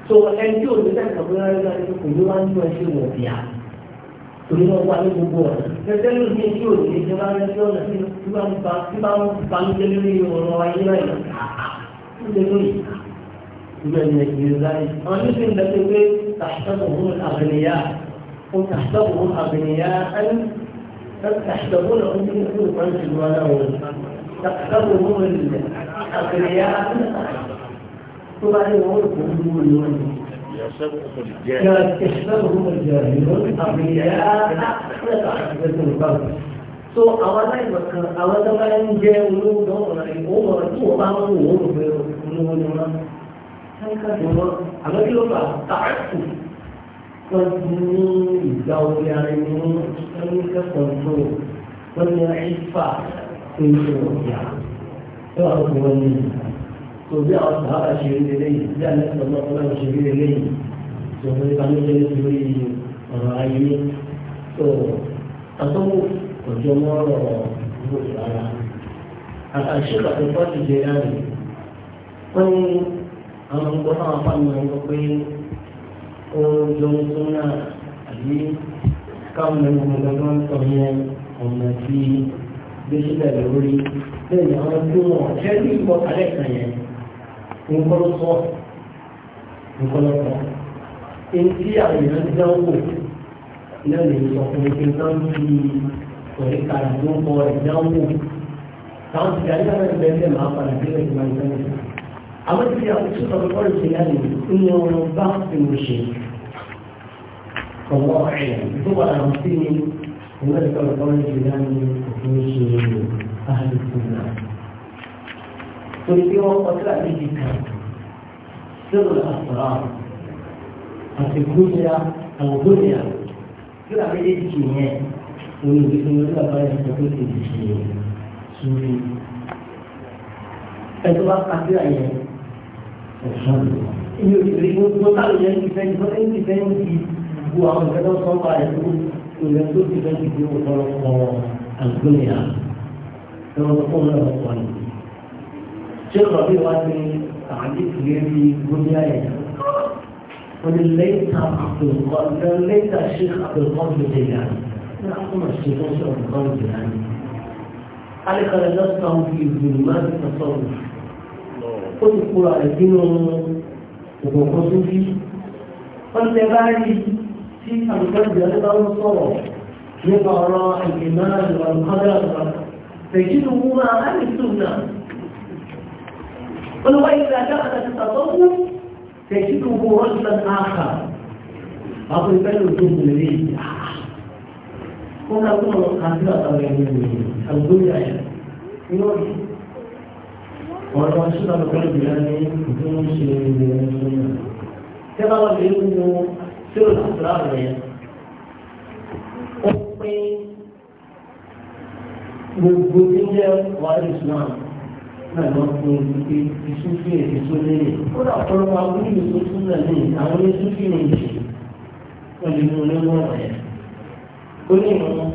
so ẹni yóò ní sẹ́yìn kàbí ráyé ká ní kò ní wá ní wọ́n ṣe wọ̀ bíà torí wọn wá ní gbogbo ọ̀nà tẹ́tẹ́ ló ní tí òní ìjọba rẹ̀ tí ọ̀nà tí wọ́n bá ń banú lé lórí ọ̀rọ̀ ayé náà لدنيا يبقى النجم ازاي؟ النجم ده تقول تحسبهم الاغنياء وتحسبهم اغنياء تحسبونهم من كل فرنسا ولا تحسبهم الاغنياء وبعدين هم يقولون يحسبهم الجاهلون اغنياء تحسبهم الفرنسا so awalai maka awalai yang jauh dong orang umur tu orang umur olówó ni wọ́n táyíká ni wọ́n àmọ́ kí ló fà tààtù wọ́n ti ní ìgbà orí ara ẹni ní ẹni kẹ́kọ̀ọ́ tó wọ́n ní ẹ̀fà tó ń ṣe ọ̀gá tó wà lóko wọn ní kò bí àwọn sàhábà ṣe rí lélẹ́yìn bí àwọn ẹ̀sìn ọmọ ọlọ́run ṣe rí lélẹ́yìn tó wọ́n ní ká ló jẹ́ lórí ọ̀rọ̀ ayé tó àtọ́wò ọ̀jọ̀ mọ́ ọ̀rọ̀ ìwòsàn ara àtàṣe kàtó fọ́ọ̀tì jẹ́ yára wọ́n ní àwọn ọmọ náà wà fún mi wọ́n pé ó jọ ń tún náà àbí káwọn ẹni ọmọ gbọ́dọ̀ ń sọ yẹn ọ̀nà tí gbèsè bẹ̀rẹ̀ lórí bẹ́ẹ̀ ni àwọn tí wọ́n ṣẹ́ ní ìwọ kálẹ̀ kan yẹn nǹkan ló sọ nǹkan ló sọ èyí tí àwọn èèyàn ti wò náà lè sọ fún mi pé náà ń fi ọ̀rẹ́ kàrà tó ń bọ̀ ẹ̀dá wò táwọn ti dá nígbà náà bẹ́ẹ̀ máa padà dé ẹ̀dá ìgbà ìgbà ìgbà àwọn tí a tún sọ pé bọ́ọ̀lù ti lẹ́nu ní ọrọ̀ bá ti mú ṣe ọ̀wọ́ ẹ̀yà tó wà láwọn tí ní ìwé ìtọ́ bọ́ọ̀lù ti lẹ́nu òfin ṣe ìlú àdìsí náà torí pé wọ́n kọ́ sílá méjì kan sírò àsọ̀rọ̀ àti gbóyà àwọn gbóyà sílá méjì kì í yẹn òun ìgbésẹ̀ ìwé ìtọ́ bọ́ọ̀lù ti lẹ́nu òfin ṣe ìlú ẹ̀tọ́ bá kàdúrà yẹn èmi ò sì rí gbogbo táwọn èèyàn ti fẹ́ ní sọ́dọ̀ ní fẹ́ ní ti gbogbo àwọn ìfẹ́ tó sọ́n pa ẹ̀ tó ìrẹ́ tó ti fẹ́ ti gbé ọ̀pọ̀lọpọ̀ àgbóyà ẹ̀rọ tó kọ́ lọ́wọ́ pọ̀ ní. ṣé ọ̀rọ̀ bí wàá ní àdéhùn yẹn ní gbóyà yẹn wọ́n ní lẹ́tà àpèkọ́ lẹ́tà ó ti kúrò rẹ̀ sínú ìgbòkó sójú. wọ́n ti bá rí tí àbùkọ́ ìjọba bá ń sọ̀rọ̀ nípa ọ̀rọ̀ ìgbìmọ̀ ìwàlùkọ́dà فيجده مع أهل السنة قل وإذا دخل التصوف تجده رجلا آخر أقول بل الجنب الذي هنا كنا نقاتل أو يعني الدنيا يعني ọ̀rọ̀ ṣúná lọ́pọ̀ ìgbìyà ní ìdí ń ṣe ìgbìyà ní ṣúná. Tí a bá wọ́n lè mú tí ó láti rẹ̀, ó pé gbogbo tí ń jẹ́ wàhálà ìṣúná náà lọ fún ìṣúfì ìṣú lẹ́yìn. Ó dà ọ̀pọ̀lọpọ̀ abúlé ìṣú tún náà lẹ́yìn àwọn ìṣúfì ní ìṣe. Wọ́n lè mú olówó ọ̀rẹ́. Ó ní ìrún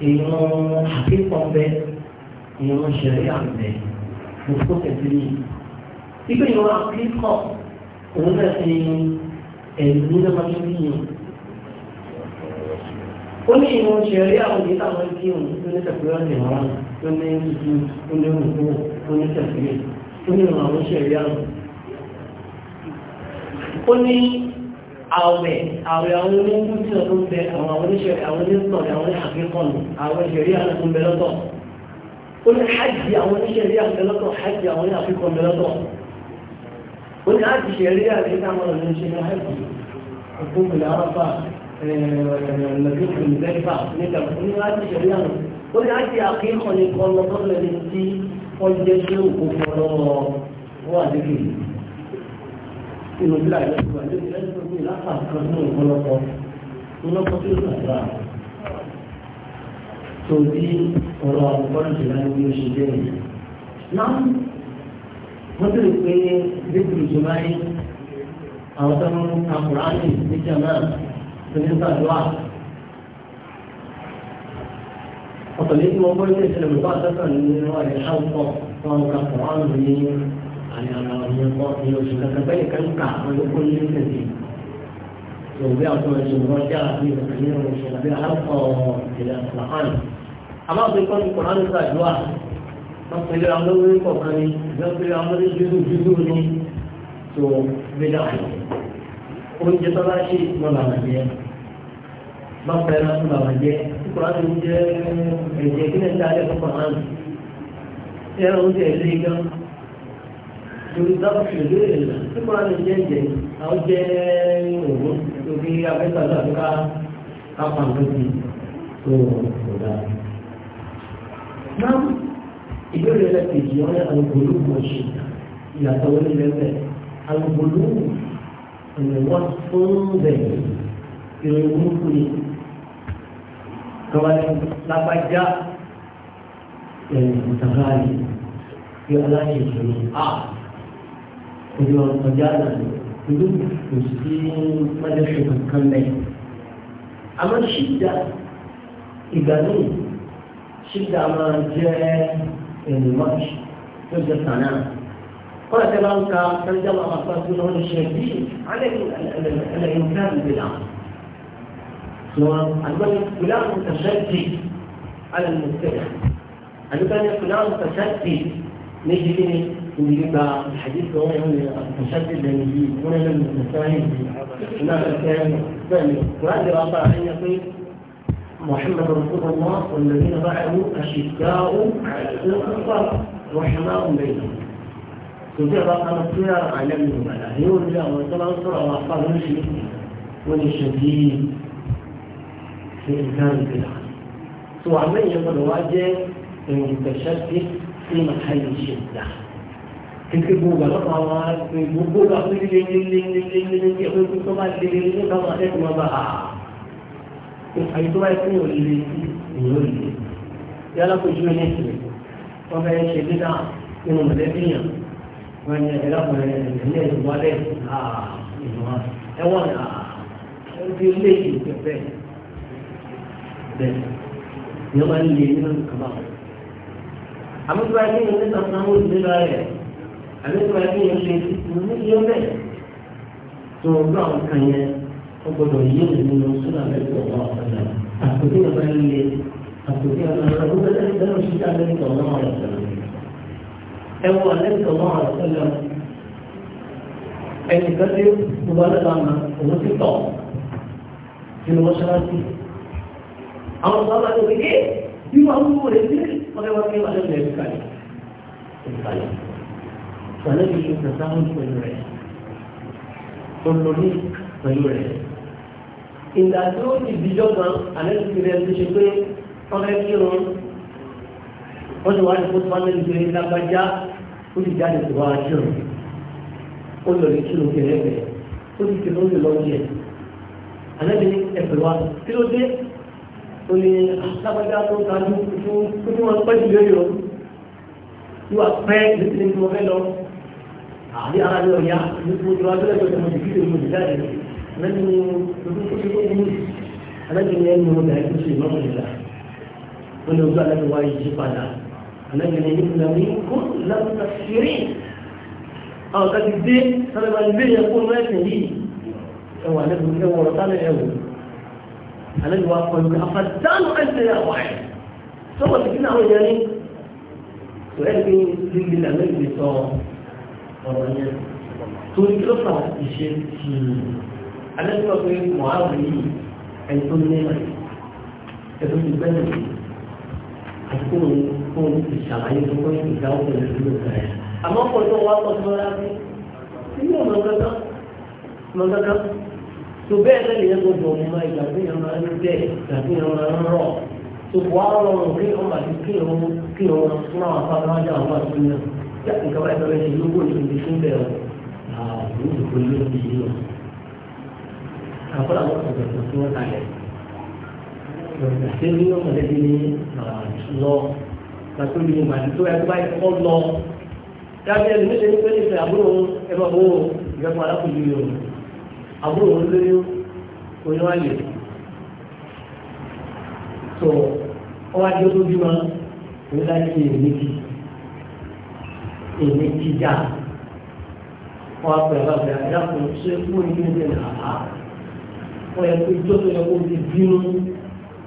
ìrún àkíkọ̀ bẹ́ẹ̀ ṣẹlẹ̀ àbẹ̀yìn òkú tẹ̀sí ní ibi ìwà kíkọ̀ òun náà ti ẹ̀rù ní lọ́pàá tó bí yìí ó ní ìmọ̀ ṣẹ̀rí àwọn ìdí táwọn ẹbí òun tó ní tẹ̀sí lọ́dẹ̀ wọn tó ní ìdí tó ní òkú tó ní tẹ̀sí ó ní ìmọ̀ àwọn ṣẹ̀rí àwọn ó ní àwẹ̀ àwẹ̀ àwọn onígbùsí ọ̀tún bẹ àwọn oníṣẹ̀rí àwọn oníṣẹ̀rí àwọn àfihàn àwọn ìṣẹ̀rí àwọn tó ń bẹ lọ́tọ̀ ó ní hajj àwọn oníṣẹ́ ilé àgbẹ̀lọ́tọ̀ hajj àwọn ní àfikún ọ̀gbẹ̀lọ́tọ̀ ó ní hajj ṣe rí àgbẹ̀ táwọn ọ̀rọ̀ ṣe ní hajj òkú ìlà arọ́fà lọ́dún ìlẹ́fà nígbà ó ní hajj ṣe rí ní hajj àkíkọ̀ tí wọ́n jẹ́ tó bí ọ̀rọ̀ àkọ́kọ́ jùlọ ní oṣù bẹ́ẹ̀. náà wọ́n tẹ̀lé pé bíbí ìjọba yìí àwọn tó ń akùránì níjà náà tó ní sàdúrà. ọ̀pọ̀lẹ́ tí wọ́n gbọ́dọ̀ ìṣẹ̀lẹ̀ bàbá àtàkà nínú ọ̀rẹ́ ṣáwùkọ̀ wọn kà kùránì ní àyàrá ọ̀yẹ́kọ́ ní oṣù kẹkẹ bẹ́ẹ̀ kẹ́ńkà ọ̀yẹ́kọ́ ní ìṣẹ̀lẹ̀ وبيعتم المراجعة في تقرير وشبابيع حلقة إلى أطلاقان أما أطلقان القرآن ذا جواح نقل العمر القرآني نقل العمر الجزء جزوني تو بداعي oúnjẹ tó bá ṣe lọ làwọn jẹ má fẹ́ lọ sọ làwọn jẹ kókòrò àti oúnjẹ ẹ̀jẹ̀ kí lè ń dá alẹ́ fún kọ̀ọ̀án ẹ̀rọ oúnjẹ ìlú yìí gan torí dábàá ṣe lórí ẹ̀yà tí kò rárá jẹ́ ìjẹ́ àwọn jẹ́ òun lórí abẹ́tà láti ká ká pa nǹkan sí tó kò dáa. náà ìbéèrè rẹ̀ kejì wọn ní alùpùpù kan ṣe ìyàtọ̀ wọlé lẹ́fẹ̀ alùpùpù ọ̀nà wọn fún bẹ̀rẹ̀ ìròyìn burúkú ni kọ́wálé lápájá ẹ̀yìn ìtàkàlì yóò aláṣẹ ìṣòro ah, ojú ọ̀rọ̀ kọjá náà ìlú kò sí mọ́lẹ́sẹ̀ kankan lẹ̀. àmọ́ ṣídà ìgbà míì ṣídà máa jẹ́ ẹ̀rù mọ́ọ̀ṣì tó jẹ kànáà. قال كلامك ترجم أخطاء كله الشديد على الإمكان بالعمل سواء الملك فلان متشدد على المتبع أنه كان فلان متشدد نجي يبقى الحديث هو يعني المشدد للنبي هنا لم نتفاهم هنا كان ثاني طيب، وهذه الأطاع أن يقول محمد رسول الله والذين معه أشداء الكفار وحماء بينهم تجي رقم السير على النبلاء يقول الله وتعالى سورة وأصحاب الشيء والشديد في إنكار البدع سواء من يقول واجب المتشدد في محل الشدة kéke gbogbo àlọ́kọ̀ àwọn àgbẹ̀ gbogbo àpé lélelelelelele ẹ̀fọ́ ikú tó bá lélele ní káwọn akẹ́kọ̀ọ́ máa bá a. àyè tó bá yẹ kó yàn lè sí ìyàn lè. bí alákòjú ẹni ẹ̀sìn wọn fẹ́ ṣe bí náà nínú mọ̀lẹ́bí yàn wọn yẹ ẹlọ́kùnrin ẹ̀sìn ẹ̀sìn wálẹ̀ ìwọ̀n ẹ̀wọ̀n ẹ̀bí ilé ìgbẹ́ bẹ́ẹ̀ bẹ́ẹ̀ ni wọ́n máa ń lè nínú kàmá. àmọ́ tó bá yẹ kó yàn lè àlejò ẹbí yẹn ṣe ní iye bẹ́ẹ̀ tó gbọ́ àwọn kan yẹn ó gbọdọ̀ yé mi nínú sọ́dà lẹ́gbẹ̀ẹ́ ọ̀gá ọ̀sán àkókò ọ̀gá ilé àkókò ọ̀gá ọ̀gá ọ̀gá lẹ́gbẹ̀ẹ́ ọ̀sán lẹ́gbẹ̀ẹ́ ọ̀gá ọ̀sán ẹwọ lẹ́gbẹ̀ẹ́ ọ̀gá ọ̀sán ẹnì kan tí mo bá lọ́ba ma òun ti tọ̀ nínú mọ́ṣáláṣí àwọn ọ̀gá ọ̀gá tó kéke bí wọ́n mú sàlẹ́bí ṣe tẹ̀sáhùn pẹ̀lú rẹ̀ olórí pẹ̀lú rẹ̀ ìgbà tí ó ti di jọba àlẹ́bí ti rẹ̀ ti ṣe pé ọ̀rẹ́ kírun wọ́n ti wá ní kó tó bá lẹ́nu kiri lágbájá ó ti jáde tó wá kírun ó lọ rí kírun kiri ẹ̀fẹ̀ ó ti kiri ó lè lọ jẹ àlẹ́bí ẹ̀fẹ̀ àbí ara lọ ya nípa ojú abẹ́rẹ́ tó tẹ̀mọ sí kíkẹ́ ìmọ̀ ìjáde lẹ́nu lójú tó ti kókó mọ́sí alẹ́gbẹ̀ẹ́ ní ẹnu ọ̀dà ẹ̀kú sí ìmọ̀ ìjà wọn ni ojú alẹ́gbẹ̀ẹ́ wáyé yí padà alẹ́gbẹ̀ẹ́ ní ìlú ní kó lọ́kùnrin ṣeré àwọn kan ti dé sábẹ́bà ní bẹ́ẹ̀ kó lọ́ ẹ̀sìn yìí ẹwà alẹ́gbẹ̀ẹ́ ẹwọ̀ ọ̀rọ̀ sálẹ̀ ẹwọ̀ alẹ́gbẹ̀ẹ́ wa kọlu afadánù ẹ̀sìn yà wáyé ọ̀rọ̀ yẹn torí kí ló fà ìṣe tì í alẹ́sọ̀ pé mọ̀háàbù yìí ẹni tó ní ẹ̀rọ ẹ̀rọ ti bẹ́ẹ̀ lè àkóhùn fún ìṣàlàyé tó kọ́ ìdáhùn pẹ̀lú ìlú ìgbà yẹn àmọ́ pọ̀ tó wá pọ̀ tó rárá bí ilé ọ̀nà kankan ọ̀nà kankan tó bẹ́ẹ̀ lẹ́yìn yẹn gbọ́dọ̀ ọmọ ìgbà tó yẹn máa ń dẹ̀ ìgbà tó yẹn máa ń rọ̀ tó wá rọrùn kí ọmọ àti kí ọmọ kí tí nǹkan bá ìtọ́lẹ̀ ṣe lówó ní ibi fún bẹ̀rẹ̀ àwọn olùkó ló ń yí wọn. àkọ́lá wọn kò bẹ̀rẹ̀ tí wọ́n kalẹ̀. ṣé ní ọmọ lẹ́bi ní lọ pàtó ní ìgbà tó yẹ kó bá ikọ́ lọ. dábìá ẹni méje ní pẹ́lú ìfẹ́ àbúrò ẹ máa wó ìgbẹ́kọ̀ alákòjú yìí o. àbúrò wọn lóyún oyún àlè. tó ọwọ́ adé tó bímọ ní láti èmi kìí èmi jíjà wọn pẹ̀lú ọ̀gá ẹ̀dá kò ṣe kó ní ilé nàá wọn yẹ kó ijó tó yẹ kó di bínú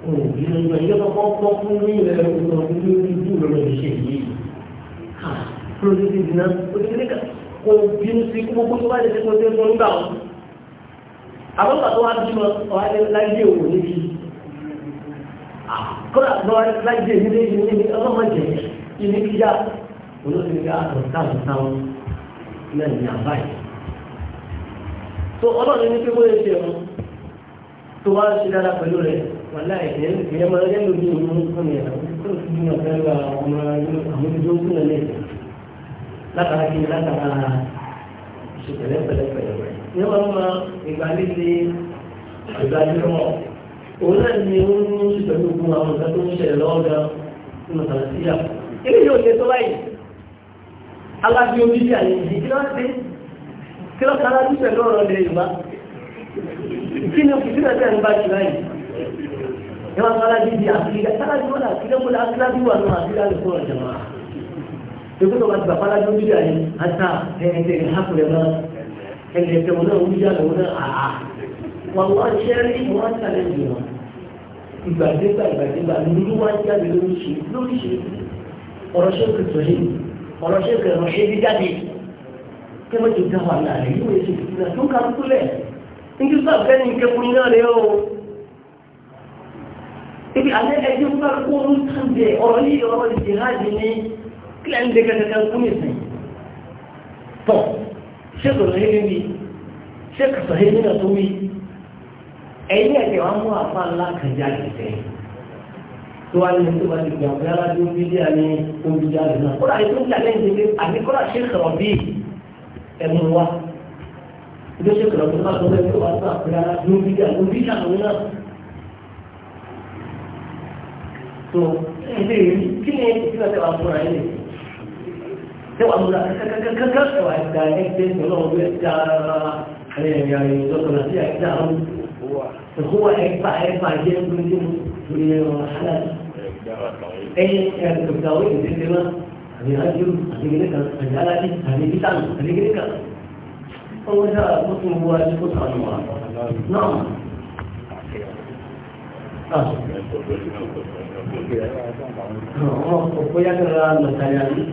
kò bínú lọ ilé kọ́kọ́ kọ́ fún mi rẹ̀ ọ̀gá ọ̀gá ní orí ibú rẹ̀ lọ́dún ṣe yìí lórí ti dìnnà lórí ká kò bínú sí kó gbogbo tó bá lè ṣe kó ṣe fún nígbà wọn. àbọ̀ bàtà wa bímọ ọ̀há lè láyé òwò níbi kọ́lá lọ́wọ́ láyé nílé ìdílé ọlọ́mọdé ìdílé kíjà olóṣèlú bí àtọ̀tàwọn táwọn lẹ́nu ní àbáyé tó ọlọ́run ní pé bóyá ṣe ọ̀hún tó wá ṣe dára pẹ̀lú rẹ̀ wọ́n láì ṣe é ṣe é máa yẹ́ lójú òun fún mi àwọn tó ti ní ọ̀fẹ́ gba ọmọ àmójútó fún ẹ̀ lẹ́sẹ̀ látara kí ni látara ṣe pẹ̀lẹ́pẹ̀lẹ́pẹ̀lẹ́ rẹ̀ ní wọ́n máa ìgbàlejò ìgbàlejò wọn òun náà ni ó ń ṣe pẹ̀lú ogun àwọn ìgbà tó ń ṣẹlẹ̀ lọ́wọ́ gan nínú tàbí síyà. ilé yóò ṣe tó báyìí alábí onídìí àyèjì kí lọ́ọ́ sí kí lọ́ọ́ sára ní pẹ̀lú ọ̀rọ̀ ilẹ̀ yorùbá kí ni òkùnkùn náà tẹ̀lé bá jù láyìí ẹ máa sára bí di àfíríkà sára bí wọn àfíríkà mọ́lá àfíríkà wà nù àfíríkà lè fọwọ́ jẹ̀ máa èkó tó bá ti bàbá alábí onídìí àyè àtà ẹ̀ẹ́dẹ̀ ìhàkùrẹ̀ máa ẹ̀ẹ́dẹ̀ ìtẹ̀wọ̀n náà onídìí àlọ́wọ́ náà àhà wà wọ́n ṣẹ́rí wọ́n ṣàlẹ̀ jù wọn ìgbàdégbà ìgbàdégbà lórí ọ̀rọ̀ ṣe kìtọ̀ yìí ọ̀rọ̀ ṣe kẹrọ bí jáde kí wọ́n ti dáwà láàrin yóò ṣe ìfìlà tó kà ń kúlẹ̀ níbi bá bẹ́ẹ̀ ní kẹkùn náà rẹ o ibi alẹ́ ẹjẹ́ bá kó ń tàǹdẹ̀ ọ̀rọ̀ yìí ọ̀rọ̀ ìjìháàdì ní kílẹ̀ ń dẹ kẹkẹkẹ kú nìsín tọ̀ ṣé kò lóye níbi ṣé kò sọ̀rọ̀ nígbà tó wí ẹ̀yìn ẹ̀kẹ́ wa mú àfa ńlá kẹjá ìfẹ́ yìí tó wá ní tó bá ti gbà bí aládùn bíbí àní olùdí àlè náà kódà ètò ìjà lẹ́yìn ti pé àbí kódà ṣe sọ̀rọ̀ bí ẹnu wa ilé ṣe sọ̀rọ̀ bí wọ́n sọ pé tó wà ní àpè aládùn bíbí àlè olùdí àlè náà. tó ilé yìí kí ni ìtura tẹ wà fúnra yìí lè tẹ wà múra kankankankan ẹwà ìgbà ẹ̀yìn ẹ̀ẹ́dẹ̀gbẹ̀ta owó ìdílé wọn àmì ájú hari ilé kan hari aláàbí àmì bítàmì hari ilé kan ọwọ́ dára kó tún wọ ẹni kó tàn wà náà. Ọ̀pọ̀ bóyá kí ra lọ̀tàyà yìí.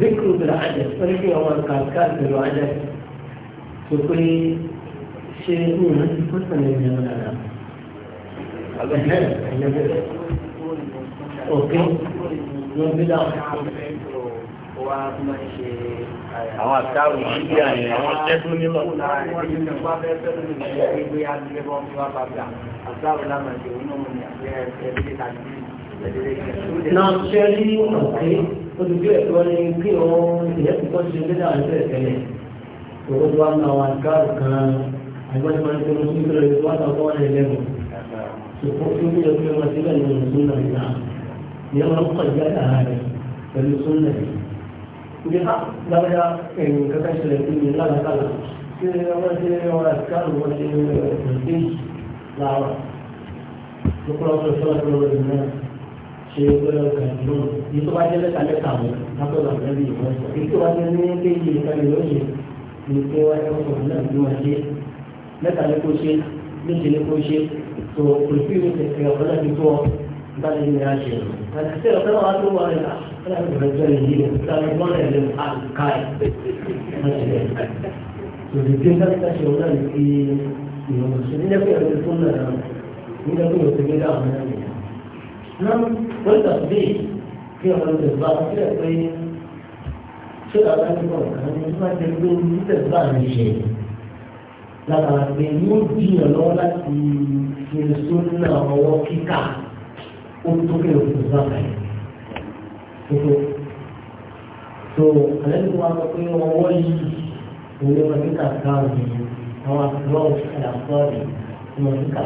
Zikru bil ajab, wọ́n ní kí wọ́n máa kàkà bil ajab. Sọ pé ṣe ní ìrántí tó tẹ̀lé ìyẹn dáadáa. Òkè ló ń bí dáhùn. Àwọn àtàrù yìí bí àyè àwọn tẹ́tún nílọ. Náà ṣe rí òkè olùgbé ẹ̀kọ́ ni kí òun ìyẹ́pùpọ̀ ṣe gbé dáhùn sí ẹ̀kẹ́lẹ̀. Òwúrọ̀ wa ń lọ àwọn àtàrù kan àìmọ́ ti máa ń tẹnu sí ìfẹ́rẹ́ ìlú àtàkọ́ wọn lè lẹ́nu ṣùgbọ́n tí ó ní ẹgbẹ́ wọn sílẹ̀ ní ìlú súnà ìlà ní ọmọ ọkọ̀ ìjà àrà rẹ̀ pẹ̀lú súnà yìí. ibi ká lábẹ́yà ẹ̀yìn kankan ṣẹlẹ̀ sí mi lálàkàlà ṣé wọ́n ṣe ọ̀rọ̀ àtikáàlù wọn ṣe ẹ̀ẹ́dẹ́jì lára lókùnrin ọ̀sọ̀ ìṣọ́lá tó lọ́wọ́ ìlú náà ṣe ọ̀rọ̀ kàdúrà ní tó bá jẹ́ lẹ́ta lẹ́ta wọn látọ̀dọ̀ àgbẹ̀bí ìwọ̀n sọ èyí tó bá jẹ́ ní kéjì ìkàlẹ̀ lónìí ní pé wáyé ọ̀sọ̀ náà ló máa jẹ́ mẹ́ta ní kó ṣe méje ní kó ṣe tó olùkí ní tẹ̀sí ọ̀pọ̀lọ́ ti tó ọ bá lè ní àṣẹ àti tẹ̀sí ọ̀pọ̀lọ́ wa tó wà rẹ̀ láti bẹ̀rẹ̀ jẹ́ ìyí rẹ̀ láti wọ́n rẹ̀ lè ká ẹ̀ tòlù tí ká ká ṣe ọ̀nà ní ti ìrọ̀rùn ṣe nílẹ̀ pé ẹ̀rọ tó nà nílẹ̀ pé òṣè ní dáhùn náà nìyà. náà wọ́n tàbí kí ọ̀nà ìjọba sílẹ̀ pé ṣé àwọn ẹni kọ̀ọ̀kan ní wọ́n ti gbé lára pé yóò jìyàn lọ́wọ́ láti ṣe sóńnà ọwọ́ kíkà ó tó kí o tó sábà yìí tó tó àlejò wa sọ pé ọwọ́ yìí òun ọmọ kíkà káàmì àwọn àtúrọ̀ àdàpọ̀rì ọmọ kíkà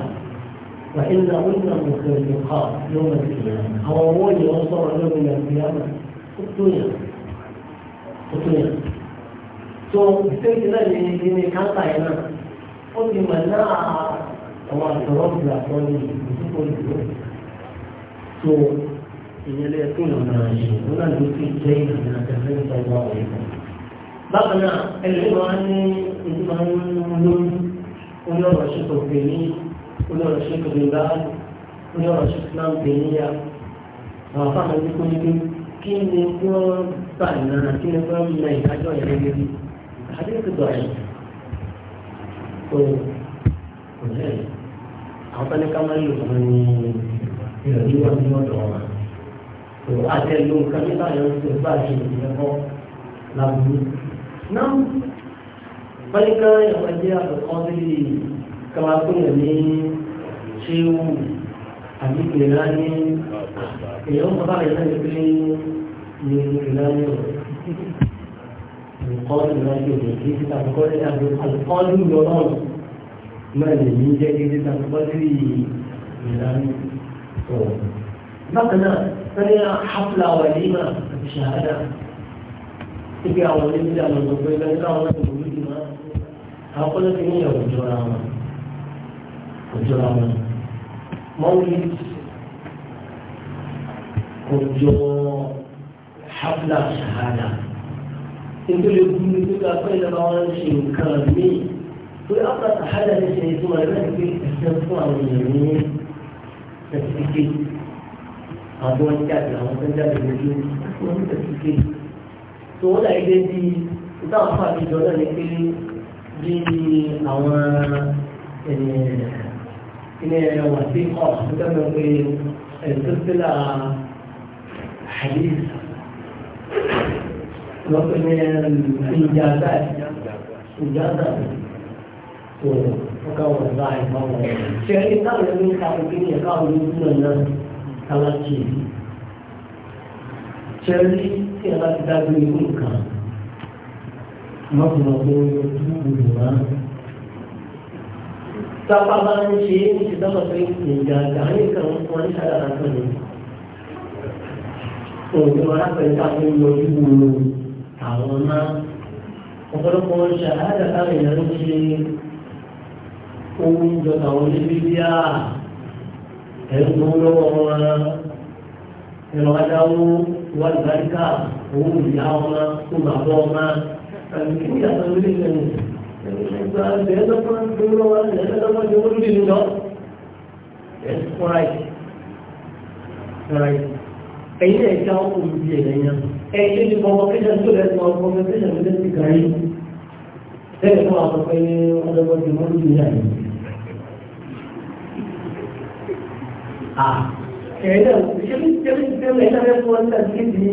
وإن أمة مخلقات يوم القيامة أو أول يوصل يوم القيامة الدنيا الدنيا. So, ìṣèjì náà ni ni káńtà yẹn náà ó ti mọ̀ náà àwọn àtọ̀rọ̀ ti àtọ̀ ní ìdíkò ìdúró. tó ìyẹlẹ ẹkún ìlànà àṣẹ tó náà ló fi jẹ́ ìlànà àtẹ̀lẹ́ ìtọ́jú àwọn ẹ̀kọ́. bákan náà ẹlẹ́yìn máa ní ìdí máa ń lóyún oníọ̀rọ̀ ṣètò pèmí oníọ̀rọ̀ ṣètò ìgbà oníọ̀rọ̀ ṣètò náà pèmí ya àwọn afáàmì ní kó níbi kí ni wọ́n bá ìlànà kí ni wọ́n mẹ ìdájọ́ ìrẹ́lẹ́bí tó kò lẹ́yìn àwọn tó ní ká máa ń lò fún ní ìrọ̀lú wa ní ọ̀dọ̀ wa tó àtẹ̀lò nǹkan nígbà yẹn ń tẹ̀ bá a ṣe ìdílẹ́kọ́ làbúrú. náà wọ́n ká ìyàwó ẹgbẹ́ àkọ́kọ́ sí káwá pé yẹn ní ṣé ó àbí ìlera ní èèyàn bàbá rẹ̀ náà ní pé ní ìlera ní ọ̀rọ̀. القادم لا يوجد في تنقل القادم يراد ما لم يوجد في تنقل ميلان بقنا فهي حفلة وليمة شهادة تبي أول إبدا من ضبي بين أول ضبي ما هقول لك إيه الجرامة الجرامة مولد كنت حفلة شهادة ètò lè bu ní pípa fún ìjọba wọn ṣe nǹkan míì pé ọkọ̀ àhádà ní ṣe ìtumọ̀ ẹ̀rọ ìgbé ẹ̀sẹ̀ fún àwọn èèyàn ní tẹ̀síkè àwọn ọ̀n jáde àwọn tó ń jáde lójú wọn ní tẹ̀síkè tó wọ́n láì dé bí ìta àwọn àbíjọ náà ní pé bí àwọn ilé ẹ̀rọ wà sí ọ̀ tó dáná pé ẹ̀sẹ̀ sílà àdéhùn wọ́n pè ní ìjàdá ìjàdá tó ọkà wọn bá ẹ̀fọ́ wọn. ṣe é káwọn ẹni ká òkè ní ẹ̀ka òní ìdúró náà kálá jì í. ṣe é rí tí ẹ bá ti dájú ikú nǹkan mọ́tò ọ̀gbọ́n yóò tún gbòòrò wá. sábà bá ń ṣe é ní ìdáná pé ìjàdá ní ìkànnì wọn ní sáyà lásán ni. òun ni wọn á pẹ̀lú àwọn ọmọ ìlú wọn àwọn náà ọ̀pọ̀lọpọ̀ ṣàhádà káàrin ìyá ló ṣe ohun jọ àwọn níbi bí a ẹ̀rù tó ń lọ́wọ́ wọn ẹ̀rọ adáwó wà lùbáríkà òun ìyá wọn tó bà bọ́ wọn àti kí ìyàtọ̀ lórí ìlẹ̀nu ìgbà bẹ́ẹ̀ lọ́pọ̀ tó lọ́wọ́ ẹ̀rọ lọ́pọ̀ tó lórí ìlú lọ. ẹ̀sùn fúnra ẹ̀ fúnra ẹ̀ ẹ̀yin ẹ̀ka ọkùnrin bíi ẹ̀yẹ yẹn ẹ̀ṣẹ́ ti convocation tó lẹ́sìn wọn convocation ló lẹ́sìn kan yìí bẹ́ẹ̀ fún àwọn pé ọlọ́gbọ́n ti mọ́ lójú yàrá yìí. à ẹ̀yìn náà ṣẹ́bí ṣẹ́bí ti fẹ́ràn ẹ̀yìn náà fẹ́ fún ọ nígbà tí kéde ní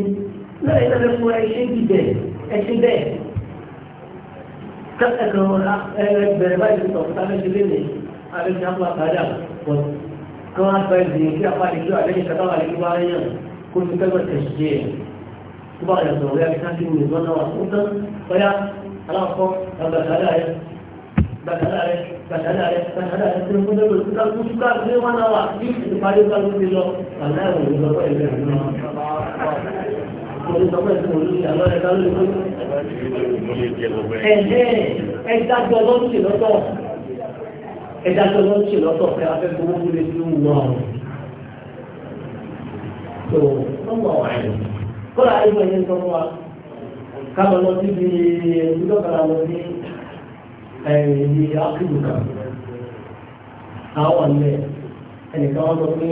náà ẹ̀yìn náà fẹ́ fún ẹṣẹ́ bíbẹ̀ ẹṣẹ́ bẹ́ẹ̀. kẹ́kẹ̀kẹ́ wọn bẹ̀rẹ̀ báyìí sọ̀ fún táwọn ẹṣẹ́ lẹ́nìí àbẹ̀ ní àpò àtàdà pọ̀ kí wọ́n á fẹ́ tó bá yàtọ̀ ọ̀rẹ́ akíkájú ní ìlú náà tó tán ọ̀yá aláàkọ́ gbàgbàdà rẹ̀ gbàgbàdà rẹ̀ gbàgbàdà rẹ̀ gbàgbàdà rẹ̀ tó ń gbọ́dọ̀ lọ sí kálukú sí kálukú ní wọn náà wà ní ìparí kálukú ti lọ àná ẹ̀wọ̀n ní lọ́wọ́ ẹ̀rẹ́ ìlú náà. pé ìlú mi gbogbo lè fi wù wọ́n. tó kọ́lá ẹgbẹ́ yẹn sọ fún wa káàmà lọ sí ibi ìdókòlá lọ sí ẹ̀yìn áfíríkà àwọn àlẹ́ ẹnìkan wọn sọ pé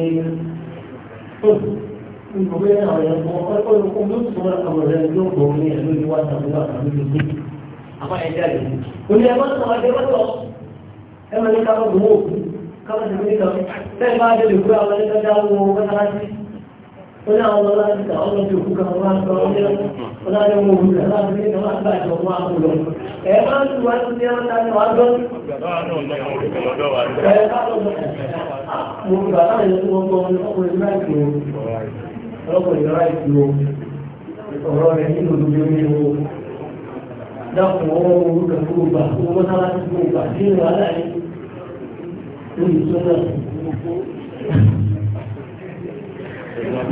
ìgbòmí àwọn ẹ̀yàn kan ọ̀pọ̀ ìrọ̀kọ́ ló sọ àwọn ẹ̀yàn yóò gbọ́ ní ẹ̀lú ìlú wa tàbí wà tàbí ló gbé àwọn ẹ̀yà rẹ̀ kò ní ẹ̀mọ́ sọ àwọn ẹ̀yà sọ ẹ̀mọ́ ní àwọn ẹ̀yà dáwọ́ wọn kọ́ta wọ́n náà wọ́n láti ta ọ̀nà tí òkú kan wá sọ ọ́n lẹ́nu wọ́n náà yóò wọ́n wúlò láti ní ìjọba àgbà ìjọ wọn á wúlò. ẹ máa ń tiwa sí ẹ máa ń wá lọ. ẹ ká lọ bọ̀ mo gbà láti lọ sí gbogbo ọkùnrin náà kì í o ọlọ́kùnrin náà kì í o ọ̀rọ̀ rẹ̀ nínú òdodo ní o dákun ọwọ́ orúkọ gbogbo gbà owó náà láti gbogbo gbà sí ìwà láàyè lórí ìṣúná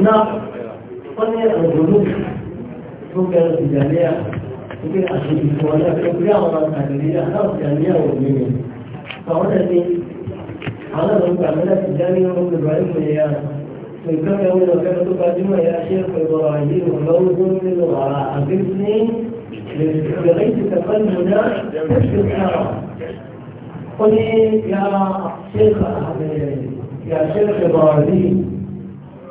ناقص قلنا الجنوب فكر الجامعة فكر عشان إخوانا فكر يا مرات هكذا خلص جامعة والمية فهنا دي على ما نتعملها في الجامعة ومن إبراهيم والعيال من كم يوم لو كانت تقدمها يا شيخ إبراهيم وموز من الغراء أبني بغيتك قلبنا تشفي الحرام قل يا شيخ يا شيخ إبراهيم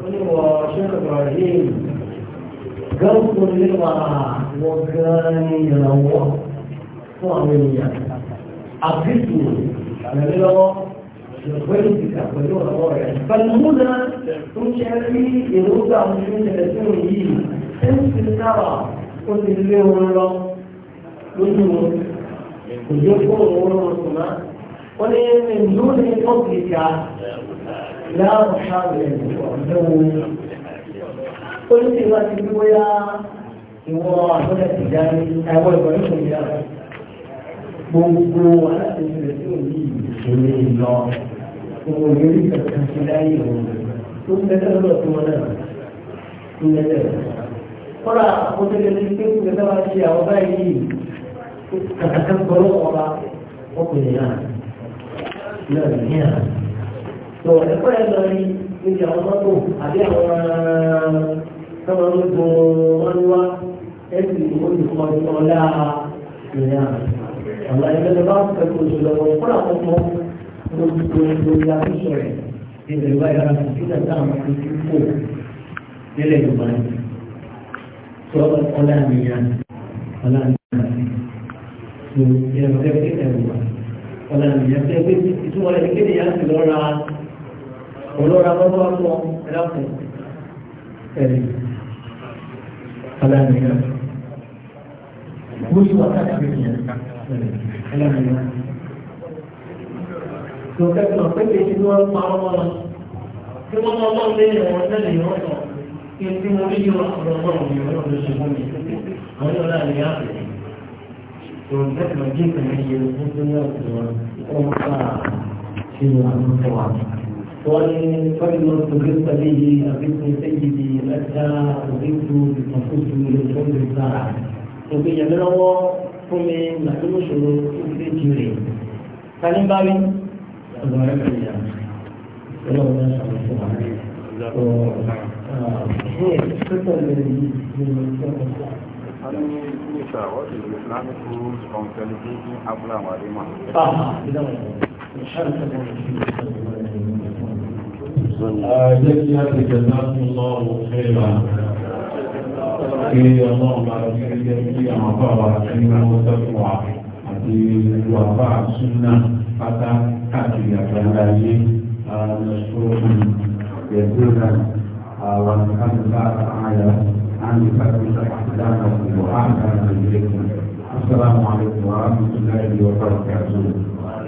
وشيخ إبراهيم قلب للوراء وكان يلوى صاميا عقدني على للوراء لقيتك ولولا رائع فالهدى تشعري يروضع من ثلاثين انت ترى قلت اليوم الله وجوه وجوه وجوه وجوه وجوه وجوه وجوه láàrùn ṣáàrùn ọ̀dọ́ olùsèwà ti ní bóyá ìwọ àtọ́jà ti dárí ẹwọ́ ìwọ̀n ìwọ̀n ìyá gbogbo aláṣẹ́sẹ̀ tí ò ní ìṣòro ìlọ gbogbo ìrírí kankan ti láyé ìwọ̀n tó ń tẹ́tẹ́ lọ́dọ̀ tó wọn náà ń tẹ́tẹ́ kọ́ra àkọsílẹ̀ ní pé kí tẹ́tẹ́ wá ṣe àwọn báyìí kàkàkà gbọ́dọ̀ ọba ọkùnrin náà náà nìyà tó ẹ̀kọ́ yẹn lọ rí níbi àwọn mọ́tò àbí àwọn eh, tọ́wọ́ ń bo wọn wá ẹ̀sì olùkọ́ ọ̀la ìrìn àná ọ̀la ìrìn bá ń fẹ́ kó jùlọ wọn fúnra wọn mọ́ lórí àkóso rẹ̀ níbi ìwà ìyára kọ̀m̀pútà táwọn ti fi kó nílẹ̀ Yorùbá ni tó ọ̀la nìyẹn ọ̀la nìyẹn tó ìrìn àjẹ́ pé ẹ̀rù wà ọ̀la nìyẹn tó ẹgbẹ́ ìtumọ̀ rẹ̀ kéde yàtọ̀ lọ́ra olóra lọ́wọ́ lọ́wọ́ ẹlẹ́kùn ẹ̀rí alámìíyá bó ṣe wà káàkiri yẹn alámìíyá tó kẹ́kọ̀ọ́ pépè tí wọ́n pa ọmọ wọn tí wọ́n mọ ọlọ́run lé ìwọ̀n tẹ́lẹ̀ ìwọ̀n sọ kí n tí mo rí yọ ọ̀rọ̀ mi ọ̀rọ̀ mi fún mi àwọn yóò láàyè yá àpèjì tó ń tẹ́tọ̀ jí ìpínlẹ̀ yẹn fún tó ní ọ̀sẹ̀ wọn ó ń fà á ṣe tó wà. والفجر استغرقت به أبيت سيدي الأتى أبيت بالنفوس من الجنود الزارع تبي يمنوا فمي معلوم شنو في جيري ثاني بابي أبارك الله الله ما شاء الله سبحانه هي فكرة من Àjẹ́jẹ́ ìjẹ̀dájú lọ́rùn fẹ́ra. Kí ọlọ́run bá rẹ̀ jẹ́ kí àwọn bàbá ní wọ́n tẹ́kùn wà àti wàbá súnà pátá káàkiri àgbàlá ayé àmọ́sọ́rùn yẹ̀dúrà àwọn ìkàlùbá àyà àmì pàtàkì àdáàmà ìwọ̀ àgbàlá ìlẹ́kùn. Assalamu alaikum wa rahmatullahi wa barakatuh.